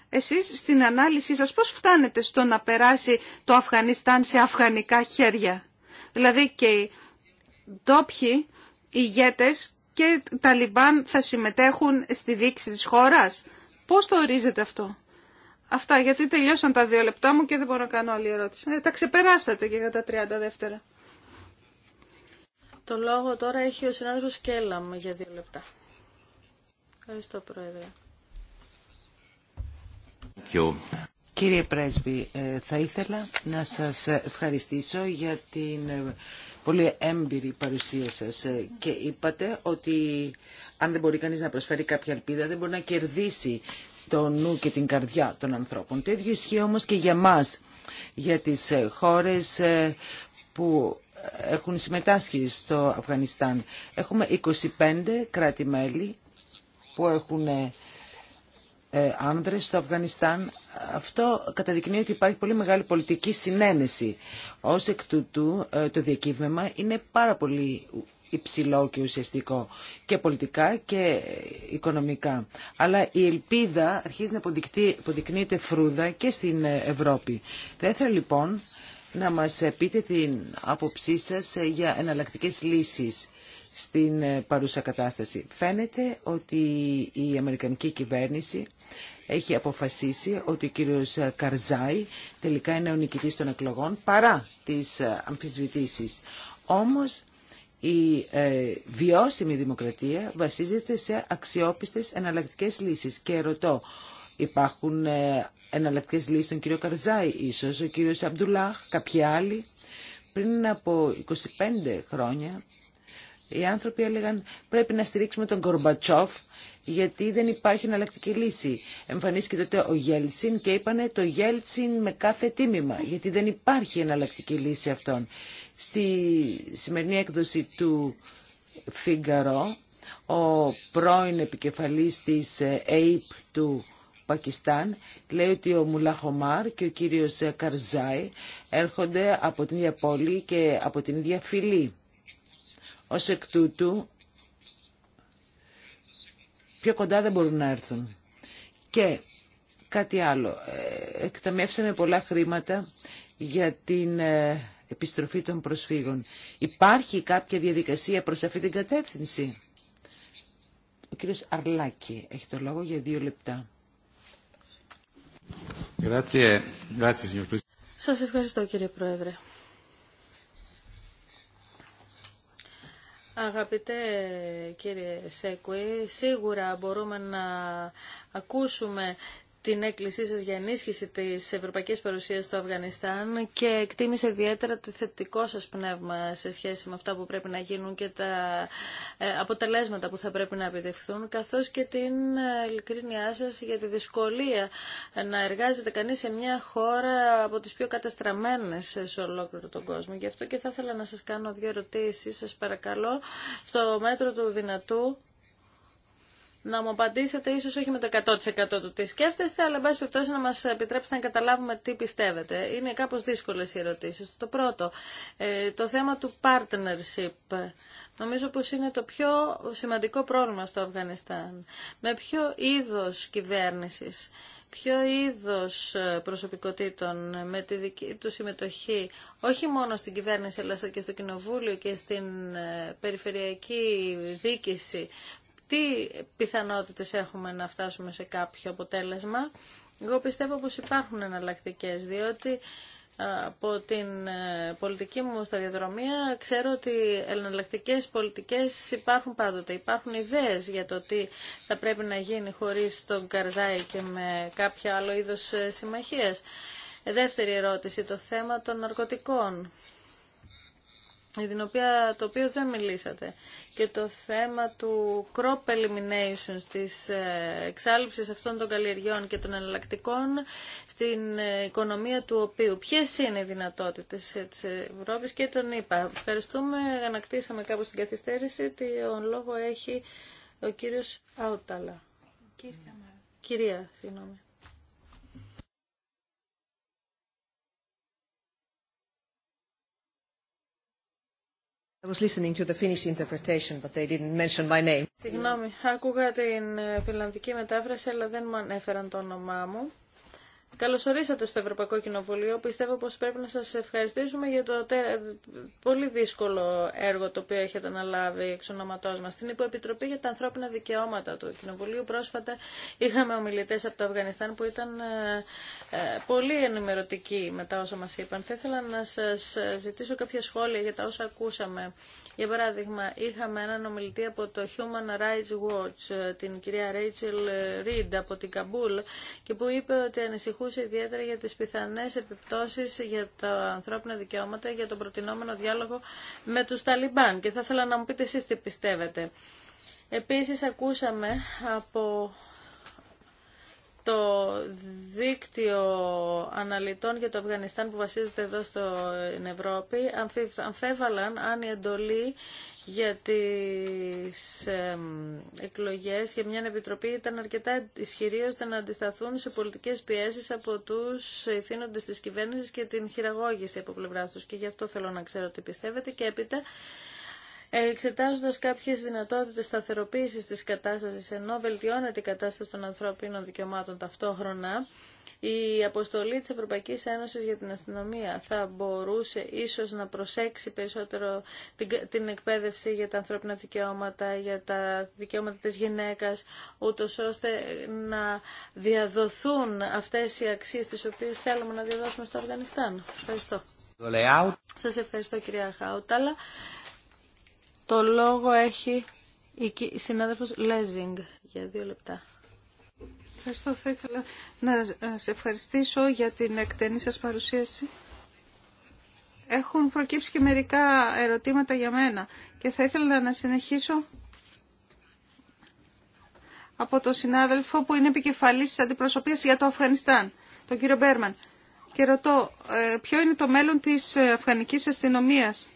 εσείς στην ανάλυση σας πώς φτάνετε στο να περάσει το Αφγανιστάν σε αφγανικά χέρια. Δηλαδή και ντόπιοι ηγέτες και τα Λιμπάν θα συμμετέχουν στη δίκηση της χώρας. Πώς το ορίζετε αυτό. Αυτά γιατί τελειώσαν τα δύο λεπτά μου και δεν μπορώ να κάνω άλλη ερώτηση. Ε, τα ξεπεράσατε και για τα 30 δεύτερα. Το λόγο τώρα έχει ο συνάδελφος Κέλαμ για δύο λεπτά. Ευχαριστώ Πρόεδρε. Κύριε Πρέσβη, ε, θα ήθελα να σας ευχαριστήσω για την ε, πολύ έμπειρη παρουσία σας ε, και είπατε ότι αν δεν μπορεί κανείς να προσφέρει κάποια ελπίδα δεν μπορεί να κερδίσει το νου και την καρδιά των ανθρώπων. Το ίδιο ισχύει όμως και για μας, για τις ε, χώρες ε, που έχουν συμμετάσχει στο Αφγανιστάν. Έχουμε 25 κράτη-μέλη που έχουν ε, άνδρες στο Αφγανιστάν. Αυτό καταδεικνύει ότι υπάρχει πολύ μεγάλη πολιτική συνένεση. Ως εκ τούτου ε, το διακύβευμα είναι πάρα πολύ υψηλό και ουσιαστικό και πολιτικά και οικονομικά. Αλλά η ελπίδα αρχίζει να αποδεικνύεται φρούδα και στην ε, Ευρώπη. Θα ήθελα λοιπόν να μας πείτε την άποψή σας για εναλλακτικές λύσεις στην ε, παρούσα κατάσταση. Φαίνεται ότι η Αμερικανική κυβέρνηση έχει αποφασίσει ότι ο κύριος ε, Καρζάη τελικά είναι ο νικητής των εκλογών παρά τις ε, αμφισβητήσεις. Όμως η βιώσιμη δημοκρατία βασίζεται σε αξιόπιστες εναλλακτικές λύσεις και ρωτώ υπάρχουν εναλλακτικές λύσεις στον κύριο Καρζάη ίσως, ο κύριος Αμπτουλάχ, κάποιοι άλλοι. Πριν από 25 χρόνια οι άνθρωποι έλεγαν πρέπει να στηρίξουμε τον Κορμπατσόφ γιατί δεν υπάρχει εναλλακτική λύση. Εμφανίστηκε τότε ο Γέλτσιν και είπανε το Γέλτσιν με κάθε τίμημα γιατί δεν υπάρχει εναλλακτική λύση αυτών. Στη σημερινή έκδοση του Φίγκαρο ο πρώην επικεφαλής της ε, ΑΕΠ του Πακιστάν λέει ότι ο Μουλαχομάρ και ο κύριος ε, Καρζάι έρχονται από την ίδια πόλη και από την ίδια φυλή. Ως εκ τούτου, πιο κοντά δεν μπορούν να έρθουν. Και κάτι άλλο. Ε, εκταμεύσαμε πολλά χρήματα για την ε, επιστροφή των προσφύγων. Υπάρχει κάποια διαδικασία προς αυτή την κατεύθυνση. Ο κύριος Αρλάκη έχει το λόγο για δύο λεπτά. Σας ευχαριστώ κύριε Πρόεδρε. Αγαπητέ κύριε Σέκουι, σίγουρα μπορούμε να ακούσουμε την έκκλησή σας για ενίσχυση της ευρωπαϊκής παρουσίας στο Αφγανιστάν και εκτίμησε ιδιαίτερα το θετικό σας πνεύμα σε σχέση με αυτά που πρέπει να γίνουν και τα ε, αποτελέσματα που θα πρέπει να επιτευχθούν, καθώς και την ε, ειλικρίνειά σας για τη δυσκολία να εργάζεται κανείς σε μια χώρα από τις πιο καταστραμμένες σε ολόκληρο τον κόσμο. Γι' αυτό και θα ήθελα να σας κάνω δύο ερωτήσεις, σας παρακαλώ, στο μέτρο του δυνατού να μου απαντήσετε, ίσω όχι με το 100% του τι σκέφτεστε, αλλά εν πάση περιπτώσει να μα επιτρέψετε να καταλάβουμε τι πιστεύετε. Είναι κάπω δύσκολες οι ερωτήσεις. Το πρώτο, ε, το θέμα του partnership. Νομίζω πως είναι το πιο σημαντικό πρόβλημα στο Αφγανιστάν. Με ποιο είδος κυβέρνησης ποιο είδος ε, προσωπικότητων με τη δική του συμμετοχή όχι μόνο στην κυβέρνηση αλλά και στο κοινοβούλιο και στην ε, περιφερειακή δίκηση τι πιθανότητες έχουμε να φτάσουμε σε κάποιο αποτέλεσμα. Εγώ πιστεύω πως υπάρχουν εναλλακτικέ, διότι από την ε, πολιτική μου σταδιοδρομία ξέρω ότι εναλλακτικέ πολιτικές υπάρχουν πάντοτε. Υπάρχουν ιδέες για το τι θα πρέπει να γίνει χωρίς τον Καρζάη και με κάποια άλλο είδος ε, συμμαχίας. Δεύτερη ερώτηση, το θέμα των ναρκωτικών για την οποία, το οποίο δεν μιλήσατε και το θέμα του crop elimination της ε, εξάλληψης αυτών των καλλιεργιών και των εναλλακτικών στην ε, οικονομία του οποίου. Ποιες είναι οι δυνατότητες της Ευρώπης και τον είπα. Ευχαριστούμε, ανακτήσαμε κάπως την καθυστέρηση, ότι ο λόγο έχει ο κύριος Αουτάλα. Κυρία, Κυρία συγγνώμη. I was listening to the Finnish interpretation, but they didn't mention my name. Συγγνώμη, άκουγα την φιλανδική μετάφραση, αλλά δεν μου ανέφεραν το όνομά μου. Καλωσορίσατε στο Ευρωπαϊκό Κοινοβουλίο. Πιστεύω πως πρέπει να σας ευχαριστήσουμε για το πολύ δύσκολο έργο το οποίο έχετε αναλάβει εξ ονόματός μας. Στην Υποεπιτροπή για τα Ανθρώπινα Δικαιώματα του Κοινοβουλίου πρόσφατα είχαμε ομιλητές από το Αφγανιστάν που ήταν ε, ε, πολύ ενημερωτικοί με όσα μας είπαν. Θα ήθελα να σας ζητήσω κάποια σχόλια για τα όσα ακούσαμε. Για παράδειγμα, είχαμε έναν ομιλητή από το Human Rights Watch, ε, την κυρία Rachel Reed από την Καμπούλ, και που είπε ότι ανησυχούν ακούσει ιδιαίτερα για τις πιθανές επιπτώσεις για τα ανθρώπινα δικαιώματα για τον προτινόμενο διάλογο με τους Ταλιμπάν και θα ήθελα να μου πείτε εσείς τι πιστεύετε. Επίσης ακούσαμε από το δίκτυο αναλυτών για το Αφγανιστάν που βασίζεται εδώ στην Ευρώπη αμφέβαλαν αν η εντολή για τις εκλογές για μια επιτροπή ήταν αρκετά ισχυρή ώστε να αντισταθούν σε πολιτικές πιέσεις από τους ηθήνοντες της κυβέρνησης και την χειραγώγηση από πλευρά τους και γι' αυτό θέλω να ξέρω τι πιστεύετε και έπειτα εξετάζοντα κάποιε δυνατότητε σταθεροποίηση τη κατάσταση, ενώ βελτιώνεται η κατάσταση των ανθρώπινων δικαιωμάτων ταυτόχρονα η αποστολή της Ευρωπαϊκής Ένωσης για την αστυνομία θα μπορούσε ίσως να προσέξει περισσότερο την, εκπαίδευση για τα ανθρώπινα δικαιώματα, για τα δικαιώματα της γυναίκας, ούτως ώστε να διαδοθούν αυτές οι αξίες τις οποίες θέλουμε να διαδώσουμε στο Αφγανιστάν. Ευχαριστώ. Σας ευχαριστώ κυρία Χάουταλα. Το λόγο έχει η συνάδελφος Λέζινγκ για δύο λεπτά. Ευχαριστώ. Θα ήθελα να σε ευχαριστήσω για την εκτενή σας παρουσίαση. Έχουν προκύψει και μερικά ερωτήματα για μένα και θα ήθελα να συνεχίσω από τον συνάδελφο που είναι επικεφαλής της αντιπροσωπείας για το Αφγανιστάν, τον κύριο Μπέρμαν. Και ρωτώ, ε, ποιο είναι το μέλλον της αφγανικής αστυνομίας.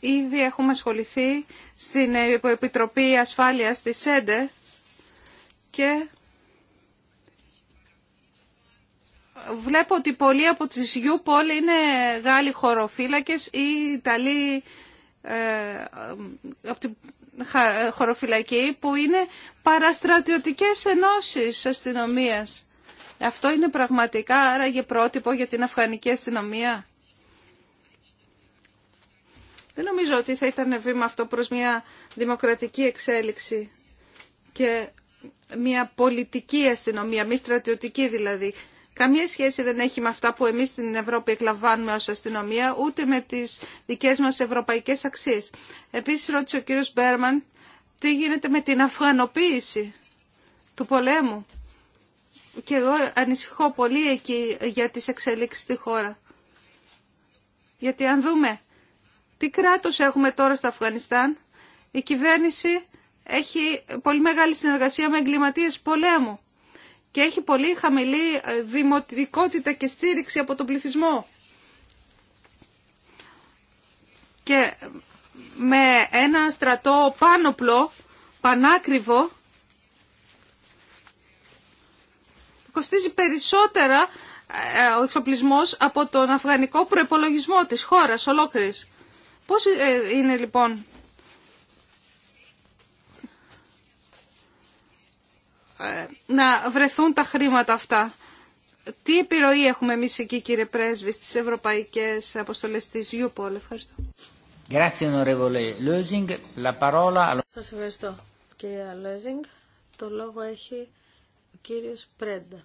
Ήδη έχουμε ασχοληθεί στην Επιτροπή Ασφάλειας της ΣΕΝΤΕ και βλέπω ότι πολλοί από τις U-Poll είναι Γάλλοι χωροφύλακες ή Ιταλοί ε, από ε, που είναι παραστρατιωτικές ενώσεις αστυνομίας. Αυτό είναι πραγματικά άραγε πρότυπο για την Αφγανική αστυνομία. Δεν νομίζω ότι θα ήταν βήμα αυτό προς μια δημοκρατική εξέλιξη και μια πολιτική αστυνομία, μη στρατιωτική δηλαδή. Καμία σχέση δεν έχει με αυτά που εμείς στην Ευρώπη εκλαμβάνουμε ως αστυνομία, ούτε με τις δικές μας ευρωπαϊκές αξίες. Επίσης ρώτησε ο κύριος Μπέρμαν τι γίνεται με την αφγανοποίηση του πολέμου. Και εγώ ανησυχώ πολύ εκεί για τις εξελίξεις στη χώρα. Γιατί αν δούμε τι κράτος έχουμε τώρα στο Αφγανιστάν, η κυβέρνηση έχει πολύ μεγάλη συνεργασία με εγκληματίες πολέμου και έχει πολύ χαμηλή ε, δημοτικότητα και στήριξη από τον πληθυσμό. Και ε, με ένα στρατό πάνωπλο, πανάκριβο, κοστίζει περισσότερα ε, ο εξοπλισμός από τον αφγανικό προϋπολογισμό της χώρας ολόκληρης. Πώς είναι λοιπόν Ε, να βρεθούν τα χρήματα αυτά. Τι επιρροή έχουμε εμεί εκεί κύριε Πρέσβη στι ευρωπαϊκέ αποστολέ τη UPOL, Ευχαριστώ. ευχαριστώ κυρία Λέζινγκ. Το λόγο έχει ο κύριος Πρέντα.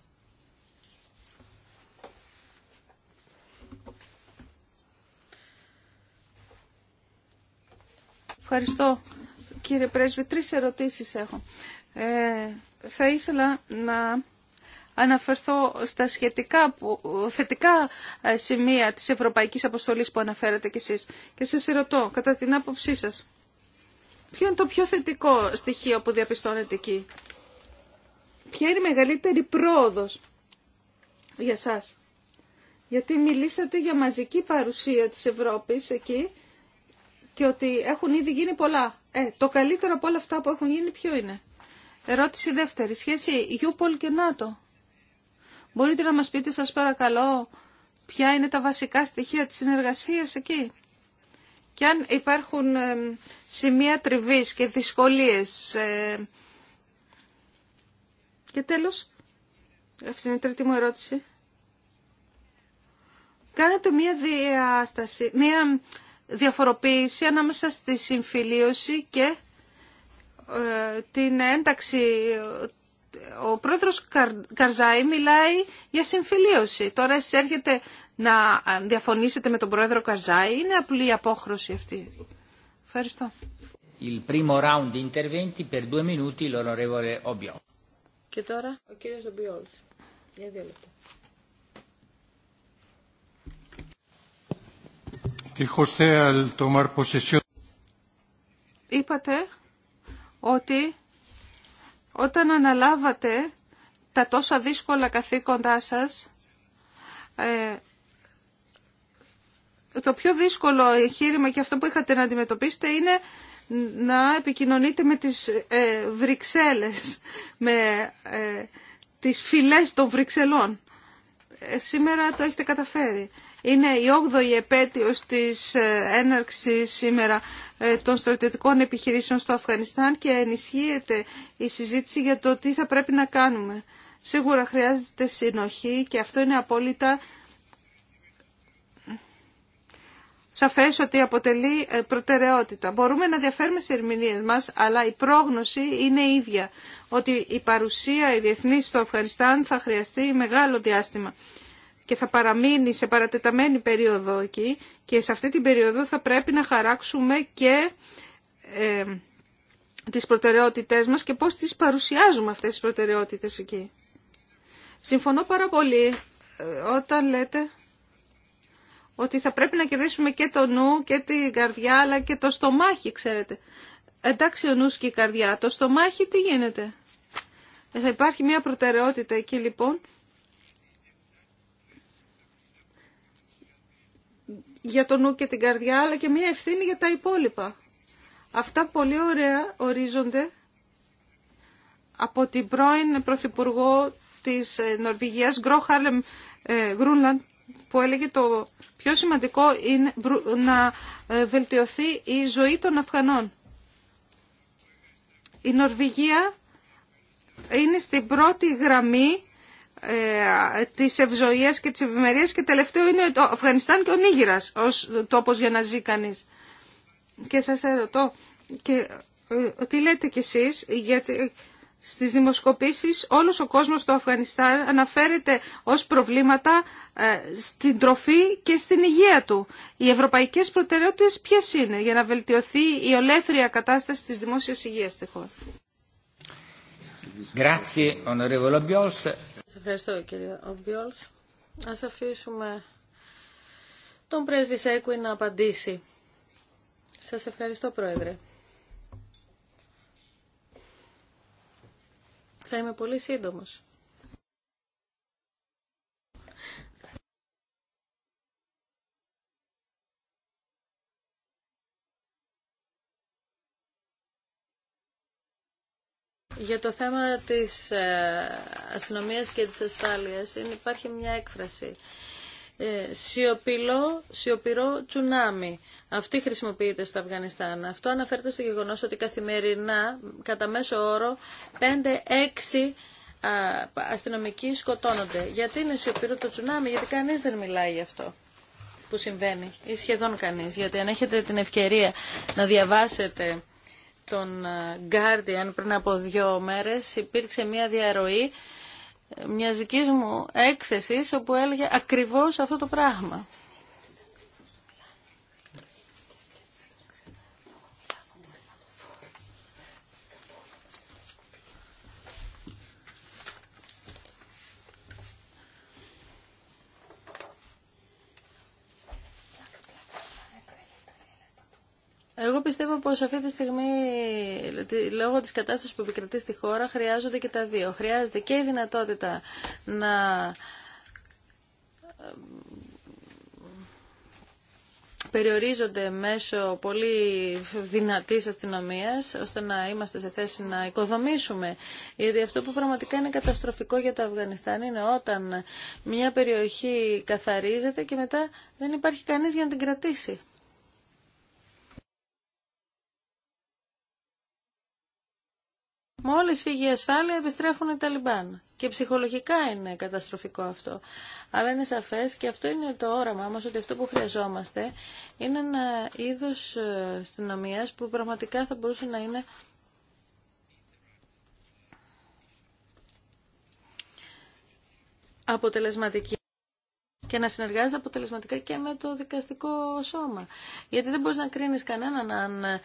Ευχαριστώ κύριε Πρέσβη. Τρεις ερωτήσεις έχω. Ε, θα ήθελα να αναφερθώ στα σχετικά θετικά ε, σημεία της Ευρωπαϊκής Αποστολής που αναφέρατε κι εσείς. Και σας ρωτώ, κατά την άποψή σας, ποιο είναι το πιο θετικό στοιχείο που διαπιστώνετε εκεί. Ποια είναι η μεγαλύτερη πρόοδος για σας. Γιατί μιλήσατε για μαζική παρουσία της Ευρώπης εκεί και ότι έχουν ήδη γίνει πολλά. Ε, το καλύτερο από όλα αυτά που έχουν γίνει ποιο είναι. Ερώτηση δεύτερη. Σχέση Γιούπολ και ΝΑΤΟ. Μπορείτε να μας πείτε σας παρακαλώ ποια είναι τα βασικά στοιχεία της συνεργασίας εκεί. Και αν υπάρχουν σημεία τριβής και δυσκολίες. Ε, και τέλος, αυτή είναι η τρίτη μου ερώτηση. Κάνετε μία διάσταση, μία διαφοροποίηση ανάμεσα στη συμφιλίωση και ε, την ένταξη ο πρόεδρος Καρζάη μιλάει για συμφιλίωση. Τώρα εσείς έρχεται να διαφωνήσετε με τον πρόεδρο Καρζάη. Είναι απλή η απόχρωση αυτή. Ευχαριστώ. Il primo round di interventi per due minuti l'onorevole Obiol. Και τώρα ο κύριος Ομπιόλ. Για δύο λεπτά. Είπατε ότι όταν αναλάβατε τα τόσα δύσκολα καθήκοντά σας, ε, το πιο δύσκολο εγχείρημα και αυτό που είχατε να αντιμετωπίσετε είναι να επικοινωνείτε με τις ε, Βρυξέλλες, με ε, τις φυλές των Βρυξελών. Σήμερα το έχετε καταφέρει. Είναι η 8η επέτειος της έναρξης σήμερα ε, των στρατιωτικών επιχειρήσεων στο Αφγανιστάν και ενισχύεται η συζήτηση για το τι θα πρέπει να κάνουμε. Σίγουρα χρειάζεται συνοχή και αυτό είναι απόλυτα σαφές ότι αποτελεί ε, προτεραιότητα. Μπορούμε να διαφέρουμε σε ερμηνείες μας, αλλά η πρόγνωση είναι ίδια, ότι η παρουσία η διεθνής στο Αφγανιστάν θα χρειαστεί μεγάλο διάστημα και θα παραμείνει σε παρατεταμένη περίοδο εκεί και σε αυτή την περίοδο θα πρέπει να χαράξουμε και ε, τις προτεραιότητές μας και πώς τις παρουσιάζουμε αυτές τις προτεραιότητες εκεί. Συμφωνώ πάρα πολύ ε, όταν λέτε ότι θα πρέπει να κερδίσουμε και το νου και την καρδιά αλλά και το στομάχι, ξέρετε. Εντάξει ο νους και η καρδιά, το στομάχι τι γίνεται. Ε, θα υπάρχει μια προτεραιότητα εκεί λοιπόν για το νου και την καρδιά, αλλά και μια ευθύνη για τα υπόλοιπα. Αυτά πολύ ωραία ορίζονται από την πρώην Πρωθυπουργό της ε, Νορβηγίας, Γκρό Χάρλεμ ε, που έλεγε το πιο σημαντικό είναι να ε, βελτιωθεί η ζωή των Αφγανών. Η Νορβηγία είναι στην πρώτη γραμμή ε, τη ευζοία και τη ευημερία. και τελευταίο είναι το Αφγανιστάν και ο Νίγηρα ως τόπος για να ζει κανεί. Και σας ερωτώ, και, ε, τι λέτε κι εσείς, γιατί ε, στις δημοσκοπήσεις όλος ο κόσμος του Αφγανιστάν αναφέρεται ως προβλήματα στην τροφή και στην υγεία του. Οι ευρωπαϊκές προτεραιότητες ποιες είναι για να βελτιωθεί η ολέθρια κατάσταση της δημόσιας υγείας στη χώρα. Σας ευχαριστώ κύριε Ομπιόλς. Ας αφήσουμε τον πρέσβη Σέκουι να απαντήσει. Σας ευχαριστώ πρόεδρε. Θα είμαι πολύ σύντομος. Για το θέμα της ε, αστυνομίας και της ασφάλειας υπάρχει μια έκφραση. Ε, σιωπηλό, σιωπηρό τσουνάμι. Αυτή χρησιμοποιείται στο Αφγανιστάν. Αυτό αναφέρεται στο γεγονός ότι καθημερινά, κατά μέσο όρο, 5-6 αστυνομικοί σκοτώνονται. Γιατί είναι σιωπηρό το τσουνάμι, γιατί κανείς δεν μιλάει γι' αυτό που συμβαίνει ή σχεδόν κανείς. Γιατί αν έχετε την ευκαιρία να διαβάσετε στον ε, Guardian πριν από δύο μέρες υπήρξε μια διαρροή ε, μια δική μου έκθεσης όπου έλεγε ακριβώς αυτό το πράγμα. Εγώ πιστεύω πως αυτή τη στιγμή, λόγω της κατάστασης που επικρατεί στη χώρα, χρειάζονται και τα δύο. Χρειάζεται και η δυνατότητα να ε, περιορίζονται μέσω πολύ δυνατής αστυνομίας ώστε να είμαστε σε θέση να οικοδομήσουμε γιατί αυτό που πραγματικά είναι καταστροφικό για το Αφγανιστάν είναι όταν μια περιοχή καθαρίζεται και μετά δεν υπάρχει κανείς για να την κρατήσει. Μόλις φύγει η ασφάλεια επιστρέφουν οι Ταλιμπάν. Και ψυχολογικά είναι καταστροφικό αυτό. Αλλά είναι σαφές και αυτό είναι το όραμά μας ότι αυτό που χρειαζόμαστε είναι ένα είδος ε, αστυνομία που πραγματικά θα μπορούσε να είναι αποτελεσματική και να συνεργάζεται αποτελεσματικά και με το δικαστικό σώμα. Γιατί δεν μπορεί να κρίνει κανέναν αν ε,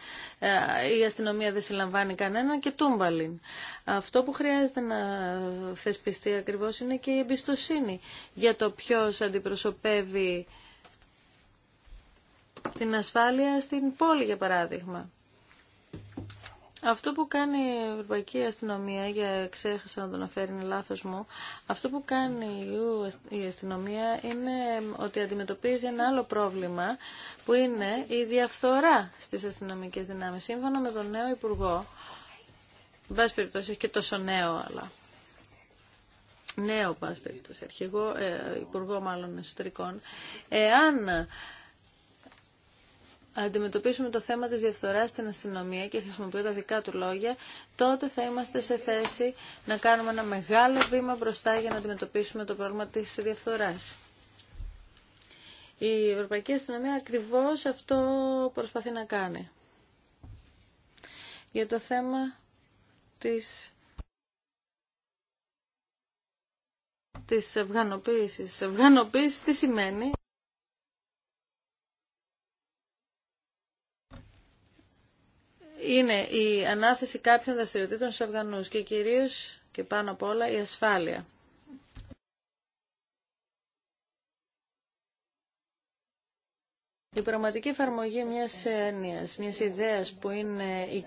η αστυνομία δεν συλλαμβάνει κανέναν και τούμπαλιν. Αυτό που χρειάζεται να θεσπιστεί ακριβώ είναι και η εμπιστοσύνη για το ποιο αντιπροσωπεύει την ασφάλεια στην πόλη, για παράδειγμα. Αυτό που κάνει η Ευρωπαϊκή Αστυνομία, για ξέχασα να τον αναφέρει, είναι λάθος μου, αυτό που κάνει η αστυνομία είναι ότι αντιμετωπίζει ένα άλλο πρόβλημα που είναι η διαφθορά στις αστυνομικές δυνάμεις. Σύμφωνα με τον νέο Υπουργό, βάση περιπτώσει, όχι και τόσο νέο, αλλά νέο, βάση περιπτώσει, αρχηγό, ε, Υπουργό μάλλον εσωτερικών, εάν αντιμετωπίσουμε το θέμα της διαφθοράς στην αστυνομία και χρησιμοποιώ τα δικά του λόγια, τότε θα είμαστε σε θέση να κάνουμε ένα μεγάλο βήμα μπροστά για να αντιμετωπίσουμε το πρόβλημα της διαφθοράς. Η Ευρωπαϊκή Αστυνομία ακριβώς αυτό προσπαθεί να κάνει. Για το θέμα της της ευγανοποίησης. Ευγανοποίηση τι σημαίνει. είναι η ανάθεση κάποιων δραστηριοτήτων στους Αφγανούς και κυρίως και πάνω απ' όλα η ασφάλεια. Η πραγματική εφαρμογή μιας έννοιας, μιας ιδέας που είναι η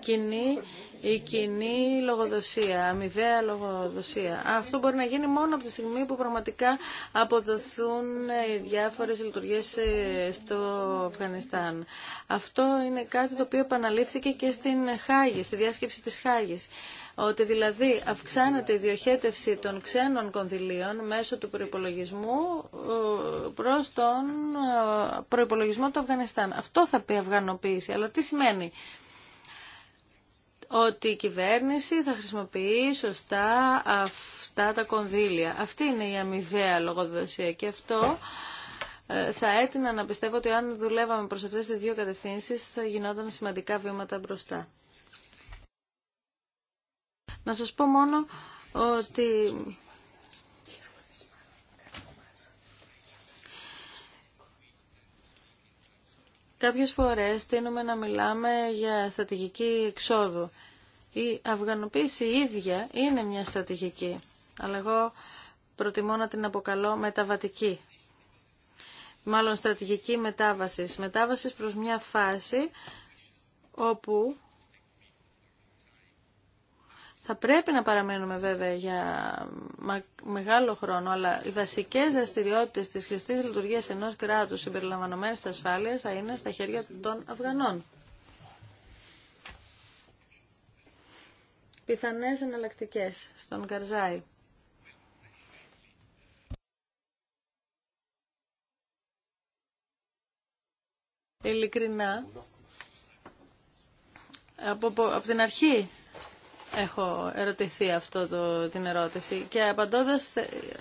κοινή, η λογοδοσία, αμοιβαία λογοδοσία. Αυτό μπορεί να γίνει μόνο από τη στιγμή που πραγματικά αποδοθούν οι διάφορες λειτουργίες ε, στο Αφγανιστάν. Αυτό είναι κάτι το οποίο επαναλήφθηκε και στην Χάγη, στη διάσκεψη της Χάγης ότι δηλαδή αυξάνεται η διοχέτευση των ξένων κονδυλίων μέσω του προϋπολογισμού ε, προς τον ε, προϋπολογισμό του Αφγανιστάν. Αυτό θα πει αυγανοποίηση, αλλά τι σημαίνει ότι η κυβέρνηση θα χρησιμοποιεί σωστά αυτά τα κονδύλια. Αυτή είναι η αμοιβαία λογοδοσία και αυτό ε, θα έτεινα να πιστεύω ότι αν δουλεύαμε προς αυτές τις δύο κατευθύνσεις θα γινόταν σημαντικά βήματα μπροστά. Να σας πω μόνο ότι Κάποιες φορές τείνουμε να μιλάμε για στρατηγική εξόδου. Η αυγανοποίηση ίδια είναι μια στρατηγική, αλλά εγώ προτιμώ να την αποκαλώ μεταβατική. Μάλλον στρατηγική μετάβασης. Μετάβασης προς μια φάση όπου θα πρέπει να παραμένουμε βέβαια για μεγάλο χρόνο, αλλά οι βασικές δραστηριότητε τη χρηστή λειτουργία ενός κράτου συμπεριλαμβανομένη τη ασφάλεια θα είναι στα χέρια των Αφγανών. Πιθανές εναλλακτικέ στον Καρζάη. Ειλικρινά, από, από την αρχή έχω ερωτηθεί αυτό το, την ερώτηση και απαντώντας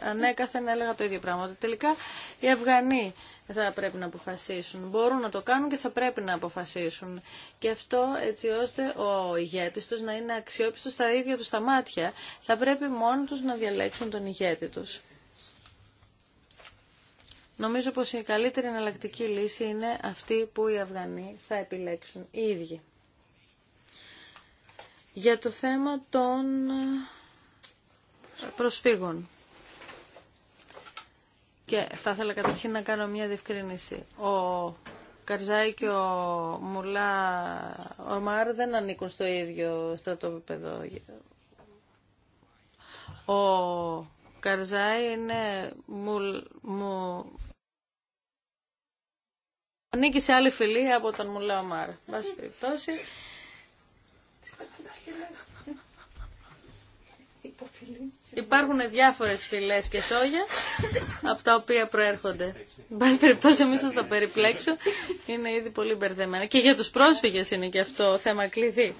ανέκαθεν έλεγα το ίδιο πράγμα. τελικά οι Αφγανοί θα πρέπει να αποφασίσουν. Μπορούν να το κάνουν και θα πρέπει να αποφασίσουν. Και αυτό έτσι ώστε ο ηγέτης τους να είναι αξιόπιστος στα ίδια τους τα μάτια. Θα πρέπει μόνο τους να διαλέξουν τον ηγέτη τους. Νομίζω πως η καλύτερη εναλλακτική λύση είναι αυτή που οι Αφγανοί θα επιλέξουν οι ίδιοι για το θέμα των ε, προσφύγων. Και θα ήθελα καταρχήν να κάνω μια διευκρίνηση. Ο Καρζάη και ο Μουλά Ομάρ δεν ανήκουν στο ίδιο στρατόπεδο. Ο Καρζάη είναι μουλ, μου... Ανήκει σε άλλη φυλή από τον Μουλά Ομάρ. Μπας περιπτώσει, Υπάρχουν διάφορε φυλέ και σόγια από τα οποία προέρχονται. Εν πάση περιπτώσει, τα περιπλέξω. Είναι ήδη πολύ μπερδεμένα. Και για του πρόσφυγες είναι και αυτό θέμα κλειδί.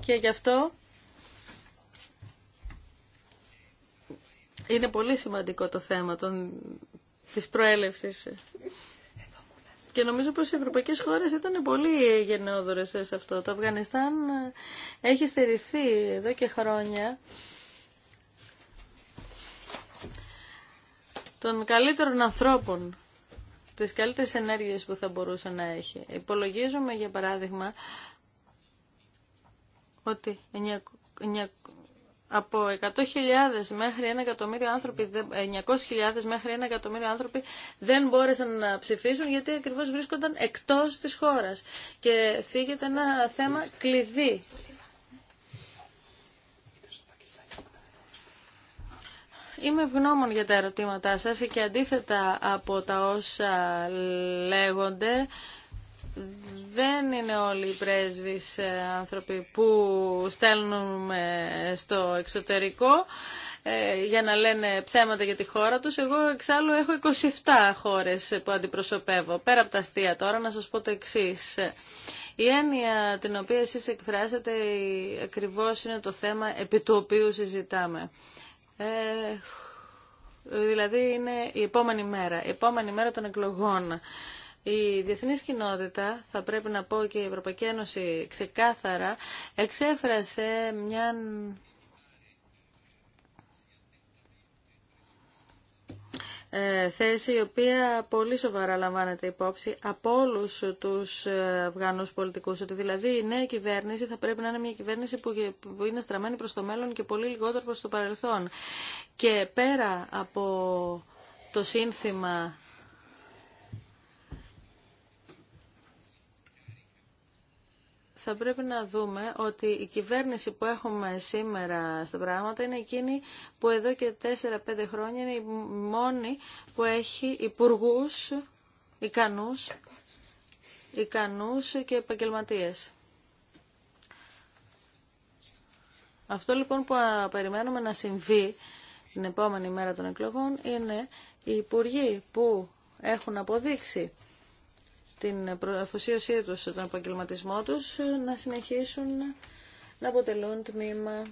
Και γι' αυτό είναι πολύ σημαντικό το θέμα των... της προέλευσης και νομίζω πως οι ευρωπαϊκές χώρες ήταν πολύ γενναιόδορες σε αυτό. Το Αφγανιστάν ε, έχει στερηθεί εδώ και χρόνια των καλύτερων ανθρώπων τις καλύτερες ενέργειες που θα μπορούσε να έχει. Υπολογίζουμε, για παράδειγμα, ότι από 100.000 μέχρι 1 εκατομμύριο άνθρωποι, 900.000 μέχρι 1 εκατομμύριο άνθρωποι δεν μπόρεσαν να ψηφίσουν γιατί ακριβώς βρίσκονταν εκτός της χώρας. Και θίγεται ένα θέμα κλειδί. Είμαι ευγνώμων για τα ερωτήματά σας και αντίθετα από τα όσα λέγονται, δεν είναι όλοι οι πρέσβεις ε, άνθρωποι που στέλνουν στο εξωτερικό ε, για να λένε ψέματα για τη χώρα τους. Εγώ εξάλλου έχω 27 χώρες που αντιπροσωπεύω. Πέρα από τα αστεία τώρα να σας πω το εξή. Η έννοια την οποία εσείς εκφράσατε ακριβώς είναι το θέμα επί του οποίου συζητάμε. Ε, δηλαδή είναι η επόμενη μέρα, η επόμενη μέρα των εκλογών. Η διεθνής κοινότητα, θα πρέπει να πω και η Ευρωπαϊκή Ένωση ξεκάθαρα, εξέφρασε μια ε, θέση η οποία πολύ σοβαρά λαμβάνεται υπόψη από όλου του Αφγανού πολιτικού. Ότι δηλαδή η νέα κυβέρνηση θα πρέπει να είναι μια κυβέρνηση που είναι στραμμένη προ το μέλλον και πολύ λιγότερο προ το παρελθόν. Και πέρα από το σύνθημα θα πρέπει να δούμε ότι η κυβέρνηση που έχουμε σήμερα στα πράγματα είναι εκείνη που εδώ και 4-5 χρόνια είναι η μόνη που έχει υπουργού ικανούς, ικανούς και επαγγελματίες. Αυτό λοιπόν που περιμένουμε να συμβεί την επόμενη μέρα των εκλογών είναι οι υπουργοί που έχουν αποδείξει την αφοσίωσή τους στον επαγγελματισμό τους να συνεχίσουν να αποτελούν τμήμα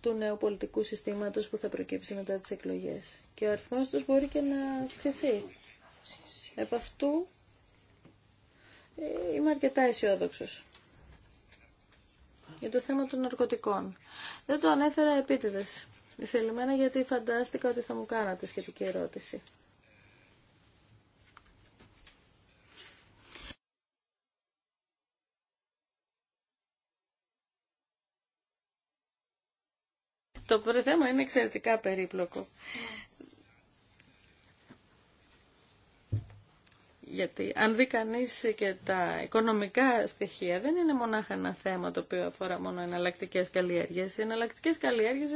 του νέου πολιτικού συστήματος που θα προκύψει μετά τις εκλογές. Και ο αριθμός τους μπορεί και να αυξηθεί. Επ' αυτού ε, είμαι αρκετά αισιόδοξο. Για το θέμα των ναρκωτικών. Δεν το ανέφερα επίτηδες. Θελημένα γιατί φαντάστηκα ότι θα μου κάνατε σχετική ερώτηση. Το θέμα είναι εξαιρετικά περίπλοκο. Γιατί αν δει κανεί και τα οικονομικά στοιχεία, δεν είναι μονάχα ένα θέμα το οποίο αφορά μόνο εναλλακτικέ καλλιέργειε. Οι εναλλακτικέ καλλιέργειε,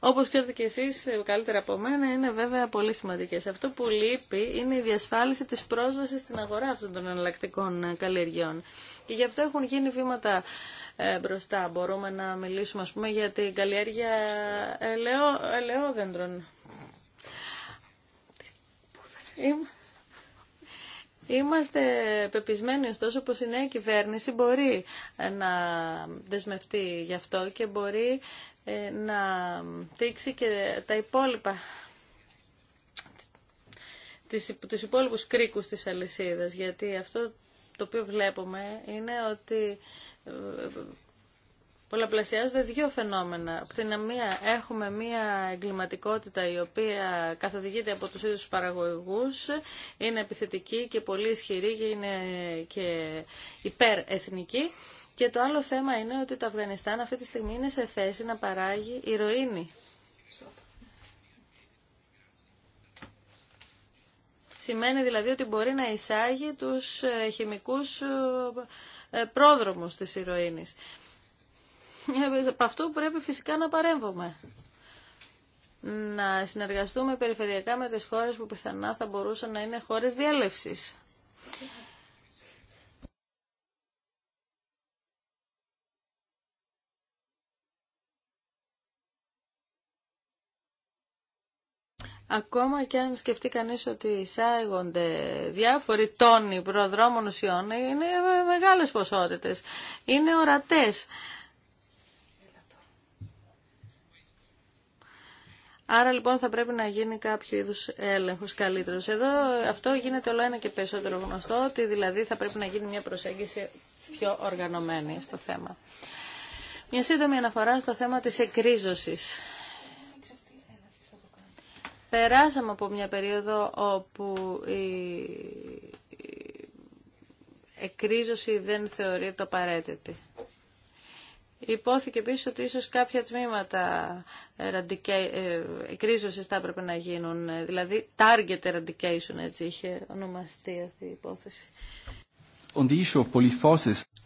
όπω ξέρετε και εσεί καλύτερα από μένα, είναι βέβαια πολύ σημαντικέ. Αυτό που λείπει είναι η διασφάλιση τη πρόσβαση στην αγορά αυτών των εναλλακτικών καλλιεργειών. Και γι' αυτό έχουν γίνει βήματα ε, μπροστά. Μπορούμε να μιλήσουμε, α πούμε, για την καλλιέργεια ελαιό, ελαιόδεντρων. Είμαστε πεπισμένοι ωστόσο πως η νέα κυβέρνηση μπορεί ε, να δεσμευτεί γι' αυτό και μπορεί ε, να δείξει και τα υπόλοιπα τους υπόλοιπους κρίκους της αλυσίδας γιατί αυτό το οποίο βλέπουμε είναι ότι ε, πολλαπλασιάζονται δύο φαινόμενα. Από την μία έχουμε μία εγκληματικότητα η οποία καθοδηγείται από τους ίδιους παραγωγούς, είναι επιθετική και πολύ ισχυρή και είναι και υπερεθνική. Και το άλλο θέμα είναι ότι το Αφγανιστάν αυτή τη στιγμή είναι σε θέση να παράγει ηρωίνη. Σημαίνει δηλαδή ότι μπορεί να εισάγει τους ε, χημικούς ε, ε, πρόδρομους της ηρωίνης από αυτού πρέπει φυσικά να παρέμβουμε. Να συνεργαστούμε περιφερειακά με τις χώρες που πιθανά θα μπορούσαν να είναι χώρες διέλευσης. Ακόμα και αν σκεφτεί κανείς ότι εισάγονται διάφοροι τόνοι προδρόμων ουσιών, είναι μεγάλες ποσότητες, είναι ορατές. Άρα λοιπόν θα πρέπει να γίνει κάποιο είδους έλεγχος καλύτερος. Εδώ αυτό γίνεται όλο ένα και περισσότερο γνωστό, ότι δηλαδή θα πρέπει να γίνει μια προσέγγιση πιο οργανωμένη στο θέμα. Μια σύντομη αναφορά στο θέμα της εκρίζωσης. Περάσαμε από μια περίοδο όπου η εκρίζωση δεν θεωρείται απαραίτητη. Υπόθηκε επίση ότι ίσως κάποια τμήματα ε, ε, κρίζωση θα έπρεπε να γίνουν, ε, δηλαδή target eradication, έτσι είχε ονομαστεί αυτή η υπόθεση.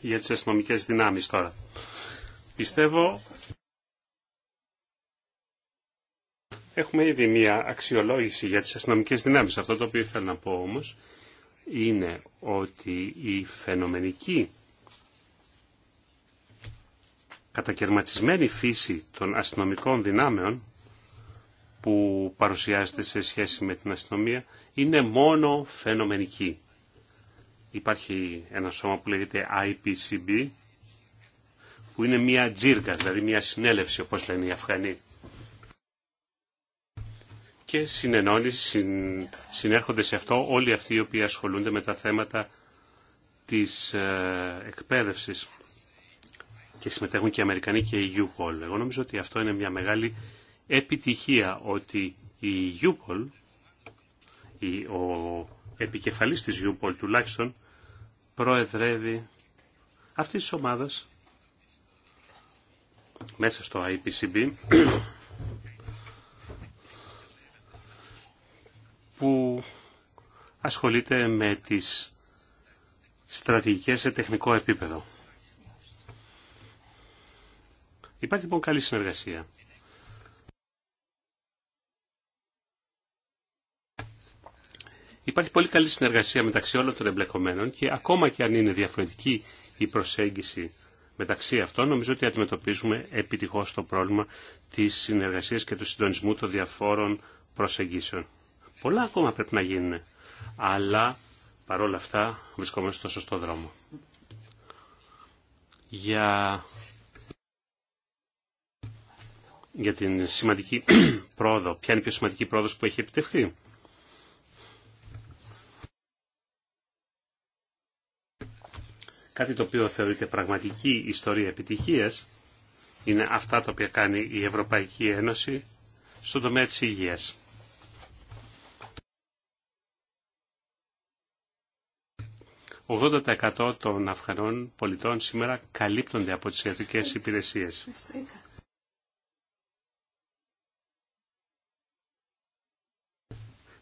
Για τι αστυνομικέ δυνάμει τώρα. Πιστεύω έχουμε ήδη μία αξιολόγηση για τις αστυνομικέ δυνάμεις. Αυτό το οποίο ήθελα να πω όμως είναι ότι η φαινομενική κατακαιρματισμένη φύση των αστυνομικών δυνάμεων που παρουσιάζεται σε σχέση με την αστυνομία είναι μόνο φαινομενική. Υπάρχει ένα σώμα που λέγεται IPCB που είναι μια τζίργα, δηλαδή μια συνέλευση όπως λένε οι Αφγανοί και συνενώνει, συν, συνέρχονται σε αυτό όλοι αυτοί οι οποίοι ασχολούνται με τα θέματα της ε, και συμμετέχουν και οι Αμερικανοί και η UPOL. Εγώ νομίζω ότι αυτό είναι μια μεγάλη επιτυχία ότι η UPOL, η, ο επικεφαλής της UPOL τουλάχιστον, προεδρεύει αυτή τη ομάδα μέσα στο IPCB που ασχολείται με τις στρατηγικές σε τεχνικό επίπεδο. Υπάρχει λοιπόν καλή συνεργασία. Υπάρχει πολύ καλή συνεργασία μεταξύ όλων των εμπλεκομένων και ακόμα και αν είναι διαφορετική η προσέγγιση μεταξύ αυτών, νομίζω ότι αντιμετωπίζουμε επιτυχώς το πρόβλημα της συνεργασίας και του συντονισμού των διαφόρων προσεγγίσεων. Πολλά ακόμα πρέπει να γίνουν, αλλά παρόλα αυτά βρισκόμαστε στο σωστό δρόμο. Για για την σημαντική πρόοδο. Ποια είναι η πιο σημαντική πρόοδος που έχει επιτευχθεί. Κάτι το οποίο θεωρείται πραγματική ιστορία επιτυχίας είναι αυτά τα οποία κάνει η Ευρωπαϊκή Ένωση στον τομέα της υγείας. 80% των Αφγανών πολιτών σήμερα καλύπτονται από τις ιατρικές υπηρεσίες.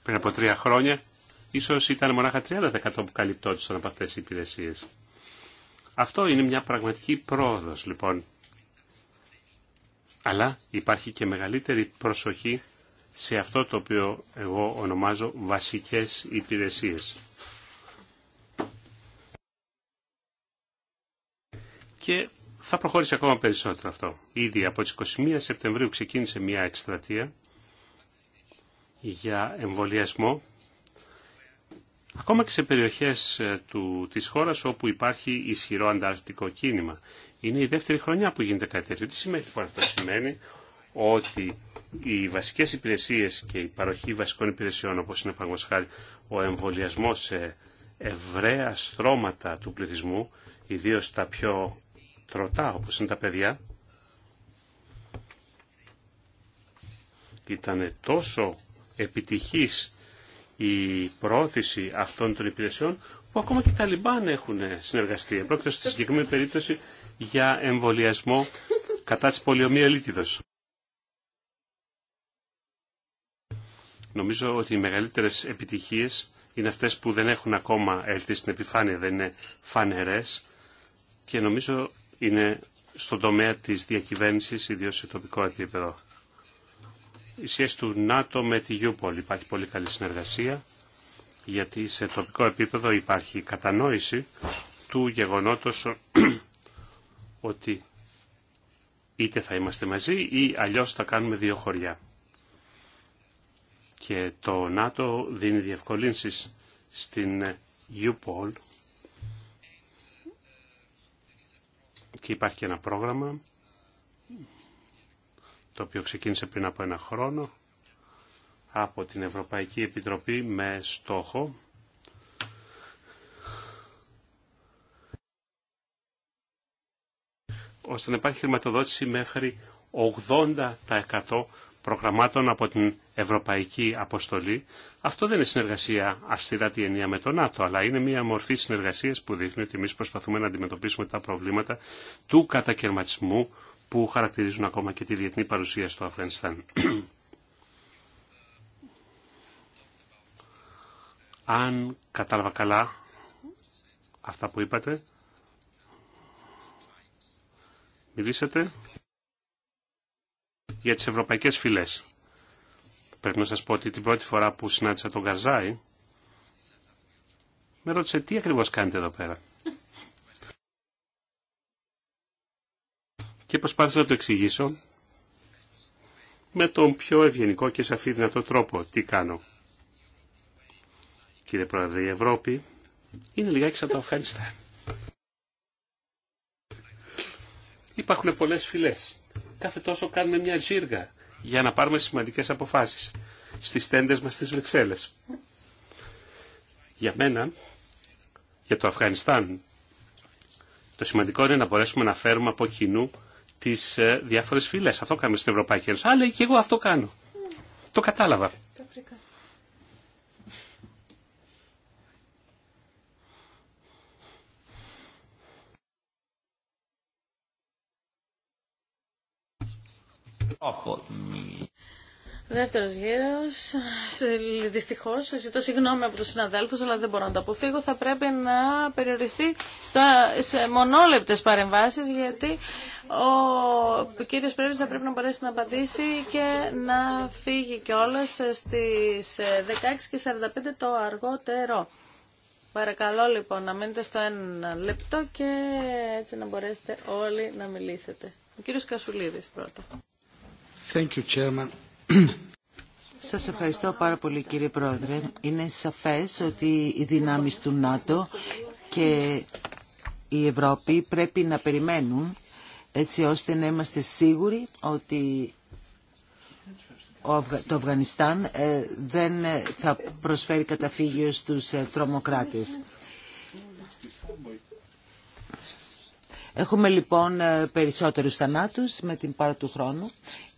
πριν από τρία χρόνια, ίσως ήταν μονάχα 30% που καλυπτόντουσαν από αυτές οι υπηρεσίες. Αυτό είναι μια πραγματική πρόοδος λοιπόν. Αλλά υπάρχει και μεγαλύτερη προσοχή σε αυτό το οποίο εγώ ονομάζω βασικές υπηρεσίες. Και θα προχώρησε ακόμα περισσότερο αυτό. Ήδη από τις 21 Σεπτεμβρίου ξεκίνησε μια εκστρατεία για εμβολιασμό ακόμα και σε περιοχές ε, του, της χώρας όπου υπάρχει ισχυρό ανταρκτικό κίνημα. Είναι η δεύτερη χρονιά που γίνεται κάτι τέτοιο. Τι σημαίνει λοιπόν αυτό σημαίνει ότι οι βασικές υπηρεσίες και η παροχή βασικών υπηρεσιών όπως είναι χάρη, ο εμβολιασμός σε ευραία στρώματα του πληθυσμού, ιδίως τα πιο τροτά όπως είναι τα παιδιά, ήταν τόσο επιτυχής η πρόθεση αυτών των υπηρεσιών που ακόμα και τα Ταλιμπάν έχουν συνεργαστεί. Επρόκειτο στη συγκεκριμένη περίπτωση για εμβολιασμό κατά της πολιομιελίτιδος. Νομίζω ότι οι μεγαλύτερες επιτυχίες είναι αυτές που δεν έχουν ακόμα έρθει στην επιφάνεια, δεν είναι φανερές και νομίζω είναι στον τομέα της διακυβέρνησης, ιδίως σε τοπικό επίπεδο η σχέση του ΝΑΤΟ με τη Γιούπολ. Υπάρχει πολύ καλή συνεργασία γιατί σε τοπικό επίπεδο υπάρχει κατανόηση του γεγονότος ότι είτε θα είμαστε μαζί ή αλλιώς θα κάνουμε δύο χωριά. Και το ΝΑΤΟ δίνει διευκολύνσεις στην UPOL και υπάρχει και ένα πρόγραμμα το οποίο ξεκίνησε πριν από ένα χρόνο από την Ευρωπαϊκή Επιτροπή με στόχο ώστε να υπάρχει χρηματοδότηση μέχρι 80% προγραμμάτων από την Ευρωπαϊκή Αποστολή. Αυτό δεν είναι συνεργασία αυστηρά τη ενία με τον ΝΑΤΟ, αλλά είναι μια μορφή συνεργασίας που δείχνει ότι εμεί προσπαθούμε να αντιμετωπίσουμε τα προβλήματα του κατακαιρματισμού που χαρακτηρίζουν ακόμα και τη διεθνή παρουσία στο Αφγανιστάν. Αν κατάλαβα καλά αυτά που είπατε, μιλήσατε για τις ευρωπαϊκές φυλές. Πρέπει να σας πω ότι την πρώτη φορά που συνάντησα τον Καζάη, με ρώτησε τι ακριβώς κάνετε εδώ πέρα. και προσπάθησα να το εξηγήσω με τον πιο ευγενικό και σαφή δυνατό τρόπο τι κάνω. Κύριε Πρόεδρε, η Ευρώπη είναι λιγάκι σαν το Αφγανιστάν. Υπάρχουν πολλές φυλές. Κάθε τόσο κάνουμε μια ζύργα για να πάρουμε σημαντικές αποφάσεις στις τέντες μας στις Βρυξέλλες. Για μένα, για το Αφγανιστάν, το σημαντικό είναι να μπορέσουμε να φέρουμε από κοινού τις ε, διάφορες φυλές. Αυτό κάνουμε στην Ευρωπαϊκή Ένωση. Αλλά και εγώ αυτό κάνω. Το κατάλαβα. Δεύτερος γύρος. Δυστυχώς, ζητώ συγγνώμη από τους συναδέλφους, αλλά δεν μπορώ να το αποφύγω. Θα πρέπει να περιοριστεί σε μονόλεπτες παρεμβάσεις, γιατί ο κύριος Πρέπει θα πρέπει να μπορέσει να απαντήσει και να φύγει κιόλας στις 16.45 ε, το αργότερο. Παρακαλώ λοιπόν να μείνετε στο ένα λεπτό και έτσι να μπορέσετε όλοι να μιλήσετε. Ο κύριος Κασουλίδης πρώτα. Thank you, Chairman. Σας ευχαριστώ πάρα πολύ κύριε Πρόεδρε. Είναι σαφές ότι οι δυνάμεις του ΝΑΤΟ και η Ευρώπη πρέπει να περιμένουν έτσι ώστε να είμαστε σίγουροι ότι το Αφγανιστάν ε, δεν θα προσφέρει καταφύγιο στους ε, τρομοκράτες. Έχουμε λοιπόν ε, περισσότερους θανάτους με την πάρα του χρόνου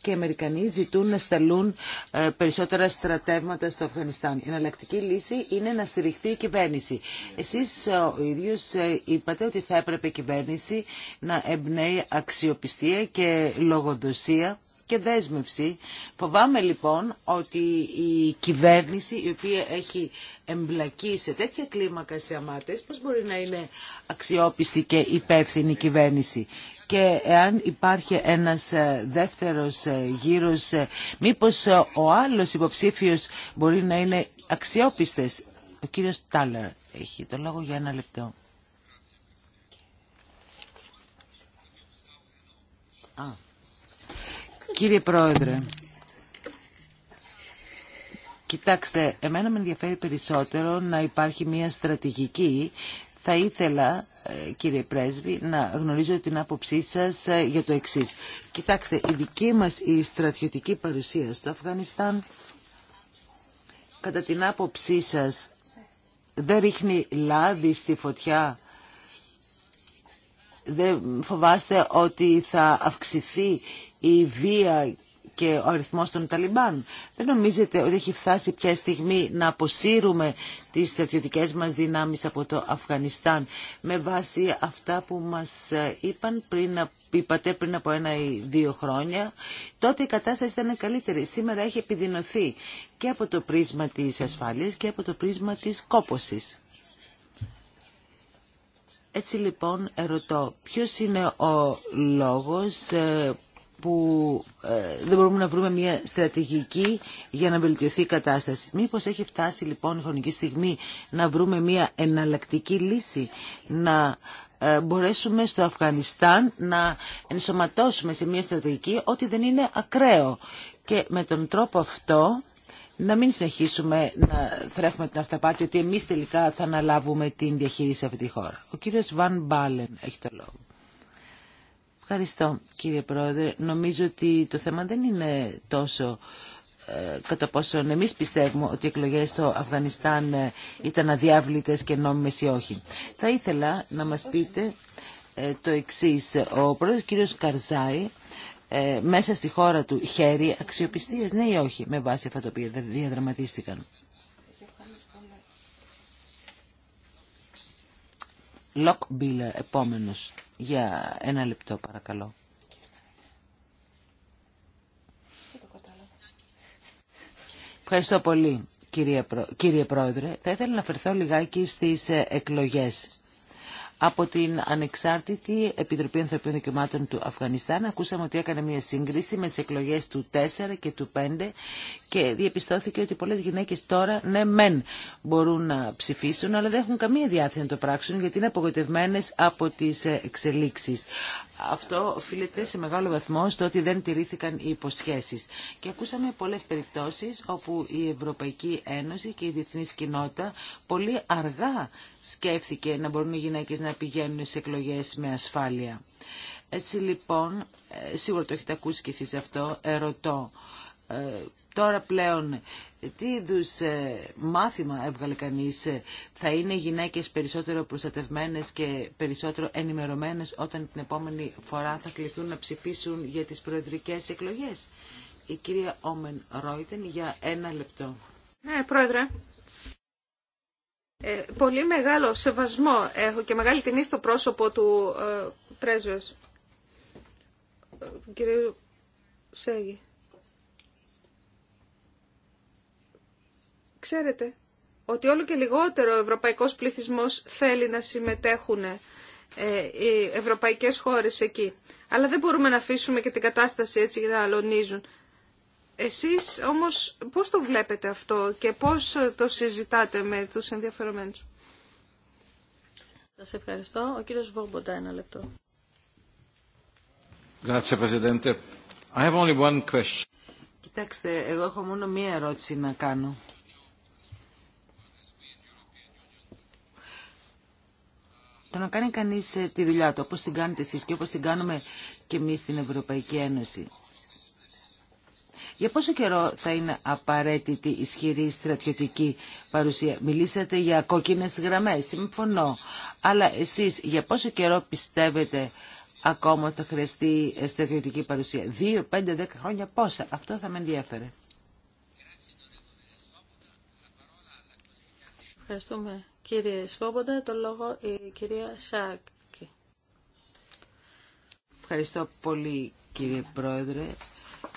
και οι Αμερικανοί ζητούν να σταλούν ε, περισσότερα στρατεύματα στο Αφγανιστάν. Η εναλλακτική λύση είναι να στηριχθεί η κυβέρνηση. Εσείς ε, ο ίδιος είπατε ότι θα έπρεπε η κυβέρνηση να εμπνέει αξιοπιστία και λογοδοσία και δέσμευση. Φοβάμαι λοιπόν ότι η κυβέρνηση η οποία έχει εμπλακεί σε τέτοια κλίμακα σε αμάτες, πώς μπορεί να είναι αξιόπιστη και υπεύθυνη κυβέρνηση. Και εάν υπάρχει ένας ε, δεύτερος ε, γύρος, ε, μήπως ο άλλος υποψήφιος μπορεί να είναι αξιόπιστες. Ο κύριος Τάλερ έχει το λόγο για ένα λεπτό. Κύριε Πρόεδρε, κοιτάξτε, εμένα με ενδιαφέρει περισσότερο να υπάρχει μια στρατηγική θα ήθελα, ε, κύριε Πρέσβη, να γνωρίζω την άποψή σας ε, για το εξής. Κοιτάξτε, η δική μας η στρατιωτική παρουσία στο Αφγανιστάν, κατά την άποψή σας, δεν ρίχνει λάδι στη φωτιά. Δεν φοβάστε ότι θα αυξηθεί η βία και ο αριθμός των Ταλιμπάν. Δεν νομίζετε ότι έχει φτάσει πια στιγμή να αποσύρουμε τις στρατιωτικές μας δυνάμεις από το Αφγανιστάν με βάση αυτά που μας ε, είπαν πριν, είπατε πριν από ένα ή δύο χρόνια. Τότε η κατάσταση ήταν καλύτερη. Σήμερα έχει επιδεινωθεί και από το πρίσμα της ασφάλειας και από το πρίσμα της κόπωσης. Έτσι λοιπόν ερωτώ, ποιος είναι ο λόγος ε, που ε, δεν μπορούμε να βρούμε μια στρατηγική για να βελτιωθεί η κατάσταση. Μήπως έχει φτάσει λοιπόν η χρονική στιγμή να βρούμε μια εναλλακτική λύση, να ε, μπορέσουμε στο Αφγανιστάν να ενσωματώσουμε σε μια στρατηγική ότι δεν είναι ακραίο. Και με τον τρόπο αυτό να μην συνεχίσουμε να θρέφουμε την αυταπάτη ότι εμείς τελικά θα αναλάβουμε την διαχείριση αυτή τη χώρα. Ο κύριος Βαν Μπάλεν έχει το λόγο. Ευχαριστώ κύριε Πρόεδρε. Νομίζω ότι το θέμα δεν είναι τόσο ε, κατά πόσο εμείς πιστεύουμε ότι οι εκλογές στο Αφγανιστάν ε, ήταν αδιάβλητες και νόμιμες ή όχι. Θα ήθελα να μας πείτε ε, το εξής. Ο πρόεδρος κύριος Καρζάη μέσα στη χώρα του χέρι αξιοπιστίας, ναι ή όχι, με βάση αυτά τα οποία διαδραματίστηκαν. Λοκ Μπίλερ, επόμενος. Για ένα λεπτό παρακαλώ. Ευχαριστώ πολύ κύριε Πρόεδρε. Θα ήθελα να φερθώ λιγάκι στις ε, εκλογές από την Ανεξάρτητη Επιτροπή Ανθρωπίνων Δικαιωμάτων του Αφγανιστάν ακούσαμε ότι έκανε μια σύγκριση με τις εκλογές του 4 και του 5 και διαπιστώθηκε ότι πολλές γυναίκες τώρα ναι μεν μπορούν να ψηφίσουν αλλά δεν έχουν καμία διάθεση να το πράξουν γιατί είναι απογοητευμένε από τις εξελίξεις. Αυτό οφείλεται σε μεγάλο βαθμό στο ότι δεν τηρήθηκαν οι υποσχέσεις. Και ακούσαμε πολλές περιπτώσεις όπου η Ευρωπαϊκή Ένωση και η Διεθνή κοινότητα πολύ αργά σκέφτηκε να μπορούν οι γυναίκες να πηγαίνουν σε εκλογές με ασφάλεια. Έτσι λοιπόν, ε, σίγουρα το έχετε ακούσει και εσείς αυτό, ερωτώ ε, Τώρα πλέον, τι είδου ε, μάθημα έβγαλε κανεί, ε, θα είναι οι γυναίκε περισσότερο προστατευμένε και περισσότερο ενημερωμένε όταν την επόμενη φορά θα κληθούν να ψηφίσουν για τι προεδρικέ εκλογέ. Η κυρία Όμεν Ρόιτεν για ένα λεπτό. Ναι, πρόεδρε. Ε, πολύ μεγάλο σεβασμό έχω και μεγάλη τιμή στο πρόσωπο του ε, πρέσβεως, ε, του Ξέρετε ότι όλο και λιγότερο ο ευρωπαϊκός πληθυσμός θέλει να συμμετέχουν ε, οι ευρωπαϊκές χώρες εκεί. Αλλά δεν μπορούμε να αφήσουμε και την κατάσταση έτσι για να αλωνίζουν. Εσείς όμως πώς το βλέπετε αυτό και πώς το συζητάτε με τους ενδιαφερομένους. Σας ευχαριστώ. Ο κύριος Βόμποντα, ένα λεπτό. Κοιτάξτε, εγώ έχω μόνο μία ερώτηση να κάνω. το να κάνει κανείς ε, τη δουλειά του, όπως την κάνετε εσείς και όπως την κάνουμε και εμείς στην Ευρωπαϊκή Ένωση. Για πόσο καιρό θα είναι απαραίτητη ισχυρή στρατιωτική παρουσία. Μιλήσατε για κόκκινες γραμμές, συμφωνώ. Αλλά εσείς για πόσο καιρό πιστεύετε ακόμα θα χρειαστεί ε, στρατιωτική παρουσία. Δύο, πέντε, δέκα χρόνια πόσα. Αυτό θα με ενδιαφέρε. Ευχαριστούμε Κύριε Σβόμποντα, το λόγο η κυρία Σάκη. Ευχαριστώ πολύ κύριε Πρόεδρε.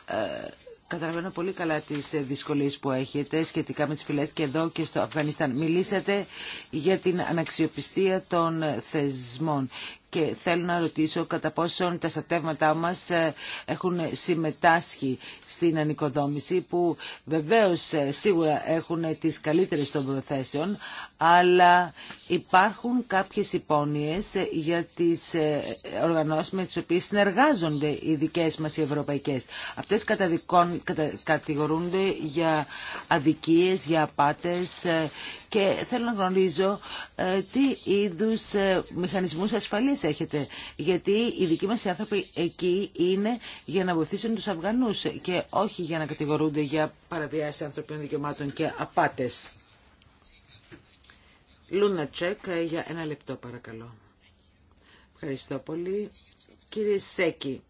Ε, καταλαβαίνω πολύ καλά τις ε, δυσκολίες που έχετε σχετικά με τις φυλές και εδώ και στο Αφγανιστάν. Μιλήσατε για την αναξιοπιστία των θεσμών και θέλω να ρωτήσω κατά πόσον τα στατεύματά μας ε, έχουν συμμετάσχει στην ανοικοδόμηση που βεβαίως ε, σίγουρα έχουν τις καλύτερες των προθέσεων αλλά υπάρχουν κάποιες υπόνοιες ε, για τις οργανώσεις με τις οποίες συνεργάζονται οι δικές μας οι ευρωπαϊκές. Αυτές κατηγορούνται για αδικίες, για απάτες, και θέλω να γνωρίζω ε, τι είδους ε, μηχανισμούς ασφαλείας έχετε. Γιατί οι δικοί μας άνθρωποι εκεί είναι για να βοηθήσουν τους Αφγανούς και όχι για να κατηγορούνται για παραβιάσεις ανθρωπίνων δικαιωμάτων και απάτες. Λούνα Τσεκ, ε, για ένα λεπτό παρακαλώ. Ευχαριστώ πολύ. Κύριε Σέκη,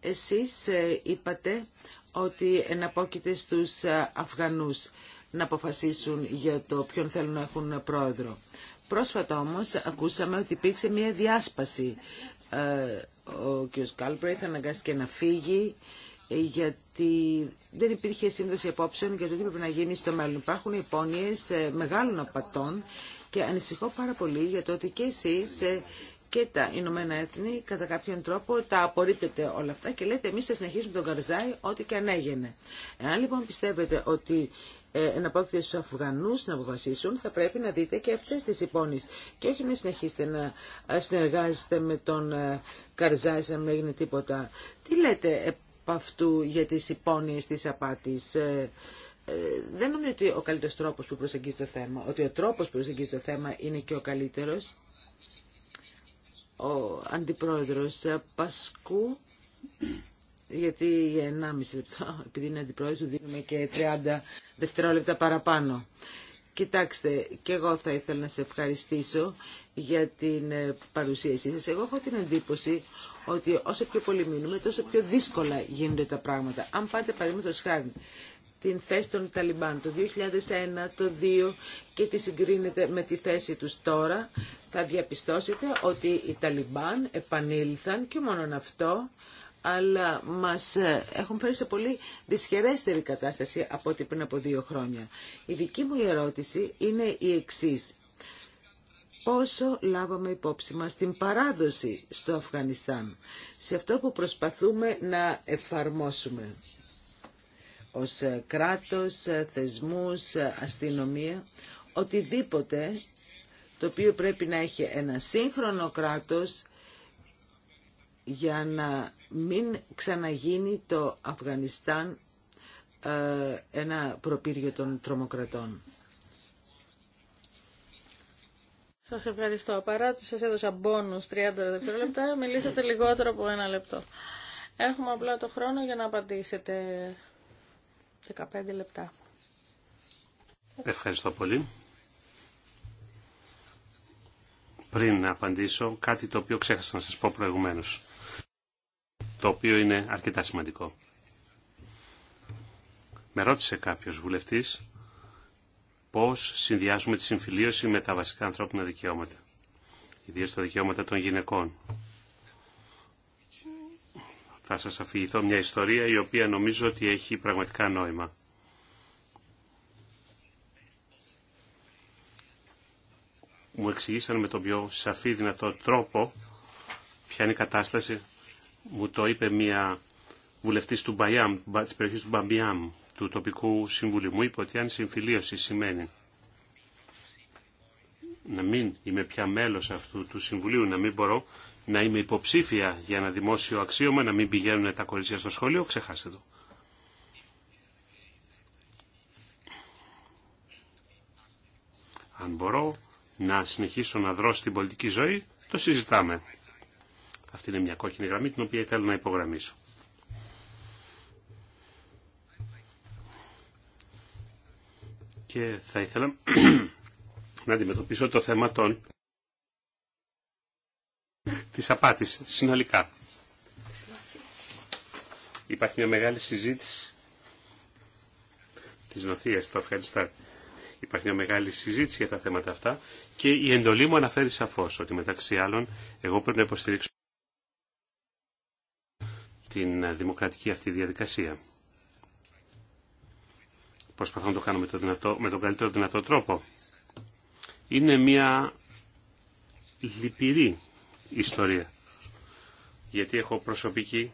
εσείς είπατε ότι εναπόκειται στους Αφγανούς να αποφασίσουν για το ποιον θέλουν να έχουν πρόεδρο. Πρόσφατα όμως ακούσαμε ότι υπήρξε μια διάσπαση. Ε, ο κ. Κάλπρεϊθ αναγκάστηκε να φύγει ε, γιατί δεν υπήρχε σύνδεση απόψεων για το τι πρέπει να γίνει στο μέλλον. Υπάρχουν υπόνοιες ε, μεγάλων απατών και ανησυχώ πάρα πολύ για το ότι και εσείς και τα Ηνωμένα Έθνη κατά κάποιον τρόπο τα απορρίπτεται όλα αυτά και λέτε εμείς θα συνεχίσουμε τον Καρζάη ό,τι και αν έγινε. Εάν λοιπόν πιστεύετε ότι ε, εναπόκειται στους Αφγανούς να αποφασίσουν, θα πρέπει να δείτε και αυτές τις υπόνοιες. Και όχι να συνεχίσετε να ε, συνεργάζεστε με τον ε, Καρζάη, να μην έγινε τίποτα. Τι λέτε από αυτού για τις υπόνοιες της απάτης. δεν νομίζω ότι ο καλύτερος τρόπος που προσεγγίζει το θέμα, ότι ο τρόπος που προσεγγίζει το θέμα είναι και ο καλύτερος. Ο αντιπρόεδρος Πασκού γιατί για 1,5 λεπτό, επειδή είναι αντιπρόεδρο, δίνουμε και 30 δευτερόλεπτα παραπάνω. Κοιτάξτε, και εγώ θα ήθελα να σε ευχαριστήσω για την ε, παρουσίασή σας. Εγώ έχω την εντύπωση ότι όσο πιο πολύ μείνουμε, τόσο πιο δύσκολα γίνονται τα πράγματα. Αν πάτε παραδείγματο χάρη την θέση των Ταλιμπάν το 2001, το 2 και τη συγκρίνετε με τη θέση τους τώρα, θα διαπιστώσετε ότι οι Ταλιμπάν επανήλθαν και μόνον αυτό αλλά μας ε, έχουν φέρει σε πολύ δυσχερέστερη κατάσταση από ό,τι πριν από δύο χρόνια. Η δική μου ερώτηση είναι η εξής. Πόσο λάβαμε υπόψη μας την παράδοση στο Αφγανιστάν, σε αυτό που προσπαθούμε να εφαρμόσουμε ως ε, κράτος, ε, θεσμούς, αστυνομία, οτιδήποτε το οποίο πρέπει να έχει ένα σύγχρονο κράτος για να μην ξαναγίνει το Αφγανιστάν ε, ένα προπύργιο των τρομοκρατών. Σας ευχαριστώ. Παρά ότι σας έδωσα μπόνους 30 δευτερόλεπτα, μιλήσατε λιγότερο από ένα λεπτό. Έχουμε απλά το χρόνο για να απαντήσετε 15 λεπτά. Ευχαριστώ πολύ. Πριν να απαντήσω, κάτι το οποίο ξέχασα να σας πω προηγουμένως το οποίο είναι αρκετά σημαντικό. Με ρώτησε κάποιος βουλευτής πώς συνδυάζουμε τη συμφιλίωση με τα βασικά ανθρώπινα δικαιώματα, ιδίως τα δικαιώματα των γυναικών. Θα σας αφηγηθώ μια ιστορία η οποία νομίζω ότι έχει πραγματικά νόημα. Μου εξηγήσαν με τον πιο σαφή δυνατό τρόπο ποια είναι η κατάσταση μου το είπε μια βουλευτής του Μπαϊάμ, της περιοχής του Μπαμπιάμ, του τοπικού συμβουλίου. Μου είπε ότι αν συμφιλίωση σημαίνει να μην είμαι πια μέλος αυτού του συμβουλίου, να μην μπορώ να είμαι υποψήφια για ένα δημόσιο αξίωμα, να μην πηγαίνουν τα κορίτσια στο σχολείο, ξεχάστε το. Αν μπορώ να συνεχίσω να δρώ στην πολιτική ζωή, το συζητάμε. Αυτή είναι μια κόκκινη γραμμή την οποία ήθελα να υπογραμμίσω. Και θα ήθελα να αντιμετωπίσω το θέμα των... της απάτης συνολικά. Υπάρχει μια μεγάλη συζήτηση της Νοθείας στο Αφγανιστάν. Υπάρχει μια μεγάλη συζήτηση για τα θέματα αυτά και η εντολή μου αναφέρει σαφώς ότι μεταξύ άλλων εγώ πρέπει να υποστηρίξω την δημοκρατική αυτή διαδικασία. Προσπαθώ να το κάνω με, με τον καλύτερο δυνατό τρόπο. Είναι μια λυπηρή ιστορία. Γιατί έχω προσωπική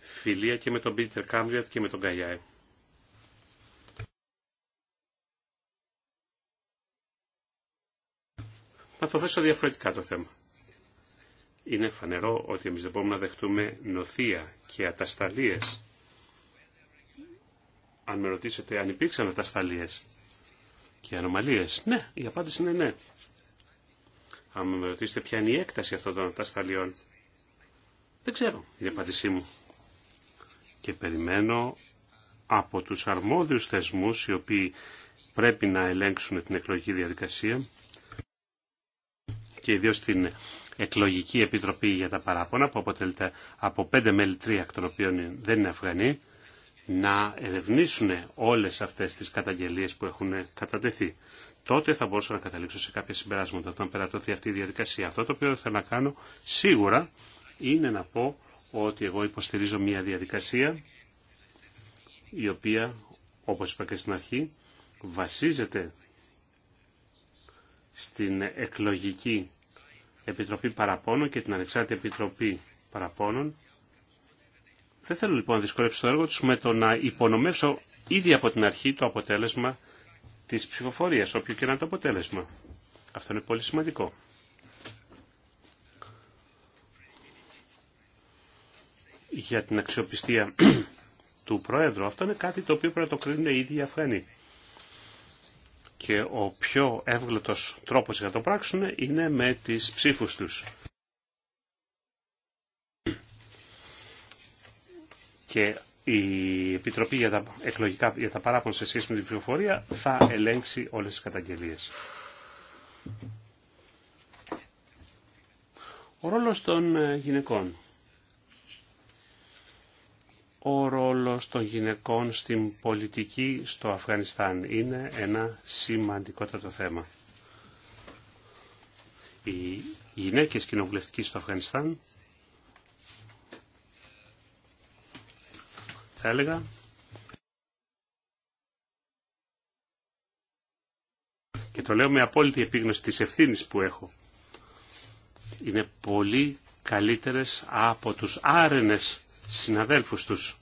φιλία και με τον Πίτερ Κάμβιατ και με τον Καγιάε Να το θέσω διαφορετικά το θέμα είναι φανερό ότι εμείς δεν μπορούμε να δεχτούμε νοθεία και ατασταλίες. Αν με ρωτήσετε αν υπήρξαν ατασταλίες και ανομαλίες, ναι, η απάντηση είναι ναι. Αν με ρωτήσετε ποια είναι η έκταση αυτών των ατασταλιών, δεν ξέρω, η απάντησή μου. Και περιμένω από τους αρμόδιους θεσμούς, οι οποίοι πρέπει να ελέγξουν την εκλογική διαδικασία, και ιδίως την εκλογική επιτροπή για τα παράπονα που αποτελείται από πέντε μέλη τρία εκ των οποίων δεν είναι Αφγανοί να ερευνήσουν όλες αυτές τις καταγγελίες που έχουν κατατεθεί. Τότε θα μπορούσα να καταλήξω σε κάποια συμπεράσματα όταν περατωθεί αυτή η διαδικασία. Αυτό το οποίο θέλω να κάνω σίγουρα είναι να πω ότι εγώ υποστηρίζω μια διαδικασία η οποία, όπως είπα και στην αρχή, βασίζεται στην εκλογική Επιτροπή Παραπώνων και την Ανεξάρτητη Επιτροπή Παραπώνων. Δεν θέλω λοιπόν να δυσκολεύσω το έργο τους με το να υπονομεύσω ήδη από την αρχή το αποτέλεσμα της ψηφοφορίας, όποιο και να το αποτέλεσμα. Αυτό είναι πολύ σημαντικό. Για την αξιοπιστία του Πρόεδρου, αυτό είναι κάτι το οποίο πρέπει να το κρίνουν οι ίδιοι Αφγανοί και ο πιο εύγλωτος τρόπος για να το πράξουν είναι με τις ψήφους τους. Και η Επιτροπή για τα εκλογικά για τα παράπονα σε σχέση με την πληροφορία θα ελέγξει όλες τις καταγγελίες. Ο ρόλος των γυναικών ο ρόλος των γυναικών στην πολιτική στο Αφγανιστάν. Είναι ένα σημαντικότατο θέμα. Οι γυναίκες κοινοβουλευτικοί στο Αφγανιστάν θα έλεγα και το λέω με απόλυτη επίγνωση της ευθύνης που έχω είναι πολύ καλύτερες από τους άρενες συναδέλφους τους.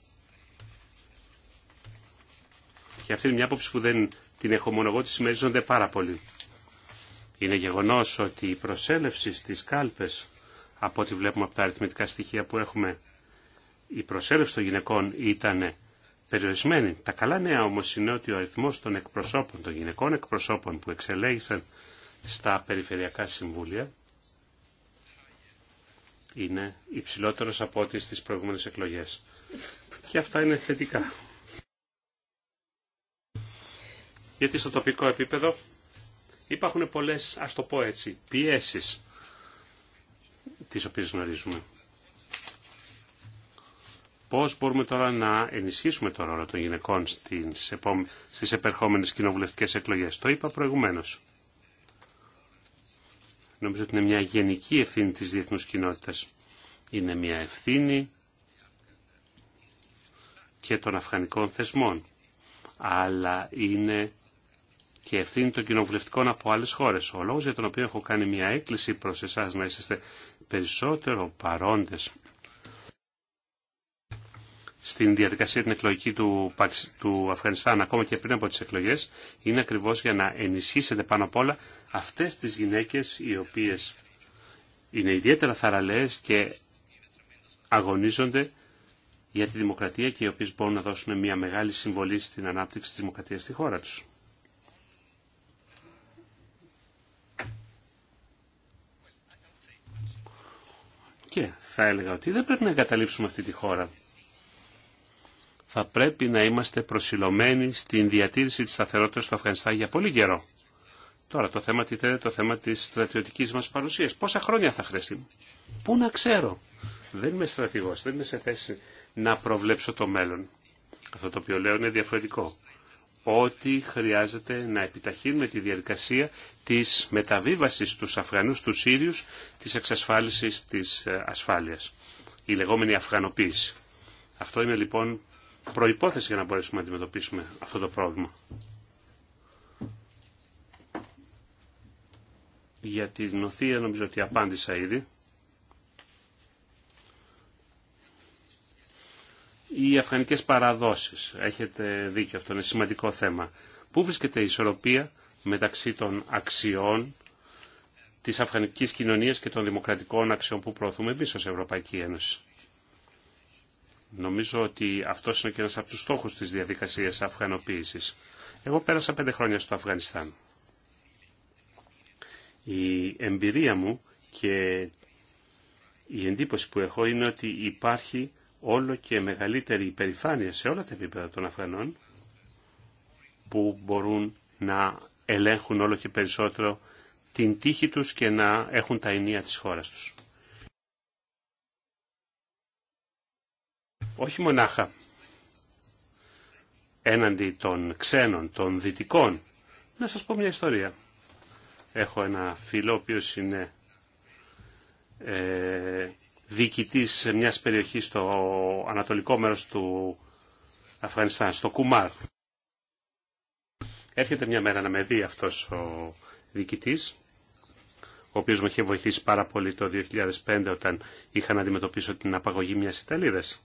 Και αυτή είναι μια άποψη που δεν την έχω μόνο εγώ, τη συμμερίζονται πάρα πολύ. Είναι γεγονός ότι η προσέλευση στις κάλπες, από ό,τι βλέπουμε από τα αριθμητικά στοιχεία που έχουμε, η προσέλευση των γυναικών ήταν περιορισμένη. Τα καλά νέα όμως είναι ότι ο αριθμός των εκπροσώπων, των γυναικών εκπροσώπων που εξελέγησαν στα περιφερειακά συμβούλια, είναι υψηλότερος από ό,τι στις προηγούμενες εκλογές. Και αυτά είναι θετικά. Γιατί στο τοπικό επίπεδο υπάρχουν πολλές, ας το πω έτσι, πιέσεις τις οποίες γνωρίζουμε. Πώς μπορούμε τώρα να ενισχύσουμε το ρόλο των γυναικών στις, επερχόμενες κοινοβουλευτικές εκλογές. Το είπα προηγουμένως. Νομίζω ότι είναι μια γενική ευθύνη της διεθνούς κοινότητας. Είναι μια ευθύνη και των αφγανικών θεσμών, αλλά είναι και ευθύνη των κοινοβουλευτικών από άλλες χώρες. Ο λόγος για τον οποίο έχω κάνει μια έκκληση προς εσάς να είστε περισσότερο παρόντες στην διαδικασία την εκλογική του, του Αφγανιστάν ακόμα και πριν από τις εκλογές είναι ακριβώς για να ενισχύσετε πάνω απ' όλα αυτές τις γυναίκες οι οποίες είναι ιδιαίτερα θαραλέες και αγωνίζονται για τη δημοκρατία και οι οποίες μπορούν να δώσουν μια μεγάλη συμβολή στην ανάπτυξη της δημοκρατίας στη χώρα τους. Και θα έλεγα ότι δεν πρέπει να εγκαταλείψουμε αυτή τη χώρα θα πρέπει να είμαστε προσιλωμένοι στην διατήρηση της σταθερότητας του Αφγανιστάν για πολύ καιρό. Τώρα το θέμα τι θέλετε, το θέμα της στρατιωτικής μας παρουσίας. Πόσα χρόνια θα χρειαστεί. Πού να ξέρω. Δεν είμαι στρατηγός, δεν είμαι σε θέση να προβλέψω το μέλλον. Αυτό το οποίο λέω είναι διαφορετικό. Ότι χρειάζεται να επιταχύνουμε τη διαδικασία της μεταβίβασης τους Αφγανούς, στους Σύριους, της εξασφάλισης της ε, ασφάλειας. Η λεγόμενη αφγανοποίηση. Αυτό είναι λοιπόν προϋπόθεση για να μπορέσουμε να αντιμετωπίσουμε αυτό το πρόβλημα. Για τη Νοθεία νομίζω ότι απάντησα ήδη. Οι αφγανικές παραδόσεις. Έχετε δίκιο, αυτό είναι σημαντικό θέμα. Πού βρίσκεται η ισορροπία μεταξύ των αξιών της αφγανικής κοινωνίας και των δημοκρατικών αξιών που προωθούμε εμείς ως Ευρωπαϊκή Ένωση. Νομίζω ότι αυτός είναι και ένας από τους στόχους της διαδικασίας αφγανοποίησης. Εγώ πέρασα πέντε χρόνια στο Αφγανιστάν. Η εμπειρία μου και η εντύπωση που έχω είναι ότι υπάρχει όλο και μεγαλύτερη υπερηφάνεια σε όλα τα επίπεδα των Αφγανών που μπορούν να ελέγχουν όλο και περισσότερο την τύχη τους και να έχουν τα ενία της χώρας τους. όχι μονάχα έναντι των ξένων, των δυτικών. Να σας πω μια ιστορία. Έχω ένα φίλο ο οποίος είναι ε, διοικητής μιας περιοχής στο ανατολικό μέρος του Αφγανιστάν, στο Κουμάρ. Έρχεται μια μέρα να με δει αυτός ο διοικητής, ο οποίος με είχε βοηθήσει πάρα πολύ το 2005 όταν είχα να αντιμετωπίσω την απαγωγή μιας Ιταλίδας.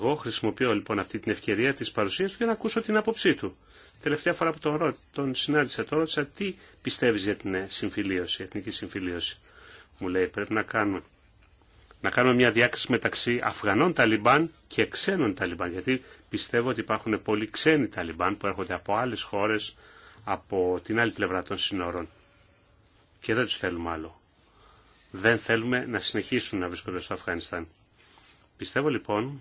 Εγώ χρησιμοποιώ λοιπόν αυτή την ευκαιρία της παρουσίας του για να ακούσω την άποψή του. Τελευταία φορά που τον, τον συνάντησα, τον ρώτησα τι πιστεύεις για την ε, συμφιλίωση, εθνική συμφιλίωση. Μου λέει πρέπει να κάνουμε, να κάνουμε μια διάκριση μεταξύ Αφγανών Ταλιμπάν και ξένων Ταλιμπάν. Γιατί πιστεύω ότι υπάρχουν πολλοί ξένοι Ταλιμπάν που έρχονται από άλλες χώρες, από την άλλη πλευρά των σύνορων. Και δεν τους θέλουμε άλλο. Δεν θέλουμε να συνεχίσουν να βρίσκονται στο Αφγανιστάν. Πιστεύω λοιπόν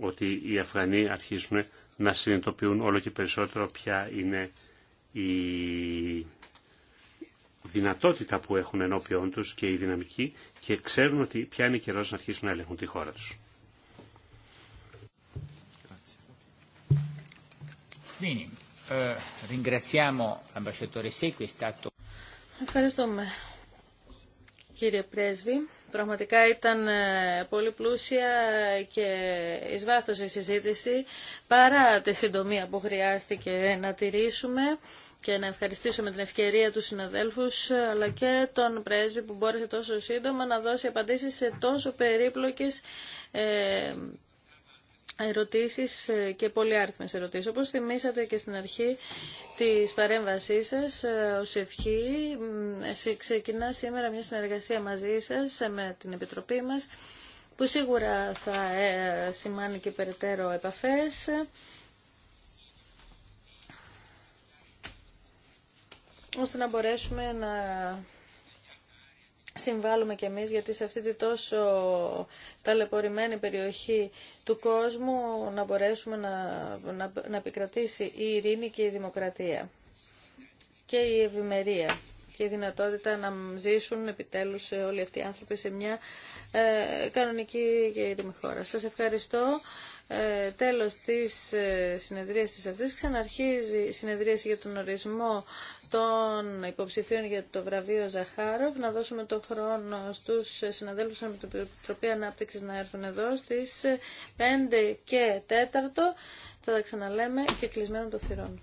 ότι οι Αφγανοί αρχίζουν να συνειδητοποιούν όλο και περισσότερο ποια είναι η δυνατότητα που έχουν ενώπιόν τους και η δυναμική και ξέρουν ότι ποια είναι καιρός να αρχίσουν να ελέγχουν τη χώρα τους. Eh, Ευχαριστούμε κύριε Πρέσβη. Πραγματικά ήταν ε, πολύ πλούσια και εις βάθος η συζήτηση, παρά τη συντομία που χρειάστηκε να τηρήσουμε και να ευχαριστήσουμε την ευκαιρία του συναδέλφους, αλλά και τον πρέσβη που μπόρεσε τόσο σύντομα να δώσει απαντήσεις σε τόσο περίπλοκες ε, ερωτήσεις ε, και πολύ άριθμες ερωτήσεις. Όπως θυμήσατε και στην αρχή της παρέμβασής σας, ε, ο ευχή ξεκινά σήμερα μια συνεργασία μαζί σας ε, με την Επιτροπή μας, που σίγουρα θα σημάνει και περαιτέρω επαφές. ώστε να μπορέσουμε να συμβάλλουμε κι εμείς γιατί σε αυτή τη τόσο ταλαιπωρημένη περιοχή του κόσμου να μπορέσουμε να, να, να επικρατήσει η ειρήνη και η δημοκρατία και η ευημερία και η δυνατότητα να ζήσουν επιτέλους όλοι αυτοί οι άνθρωποι σε μια ε, κανονική και ήρεμη χώρα. Σας ευχαριστώ. Ε, τέλος της ε, συνεδρίασης αυτής ξαναρχίζει η συνεδρίαση για τον ορισμό των υποψηφίων για το βραβείο Ζαχάροφ, να δώσουμε το χρόνο στους συναδέλφους από την Επιτροπή Ανάπτυξης να έρθουν εδώ στις 5 και 4. Θα τα ξαναλέμε και κλεισμένο το θυρών.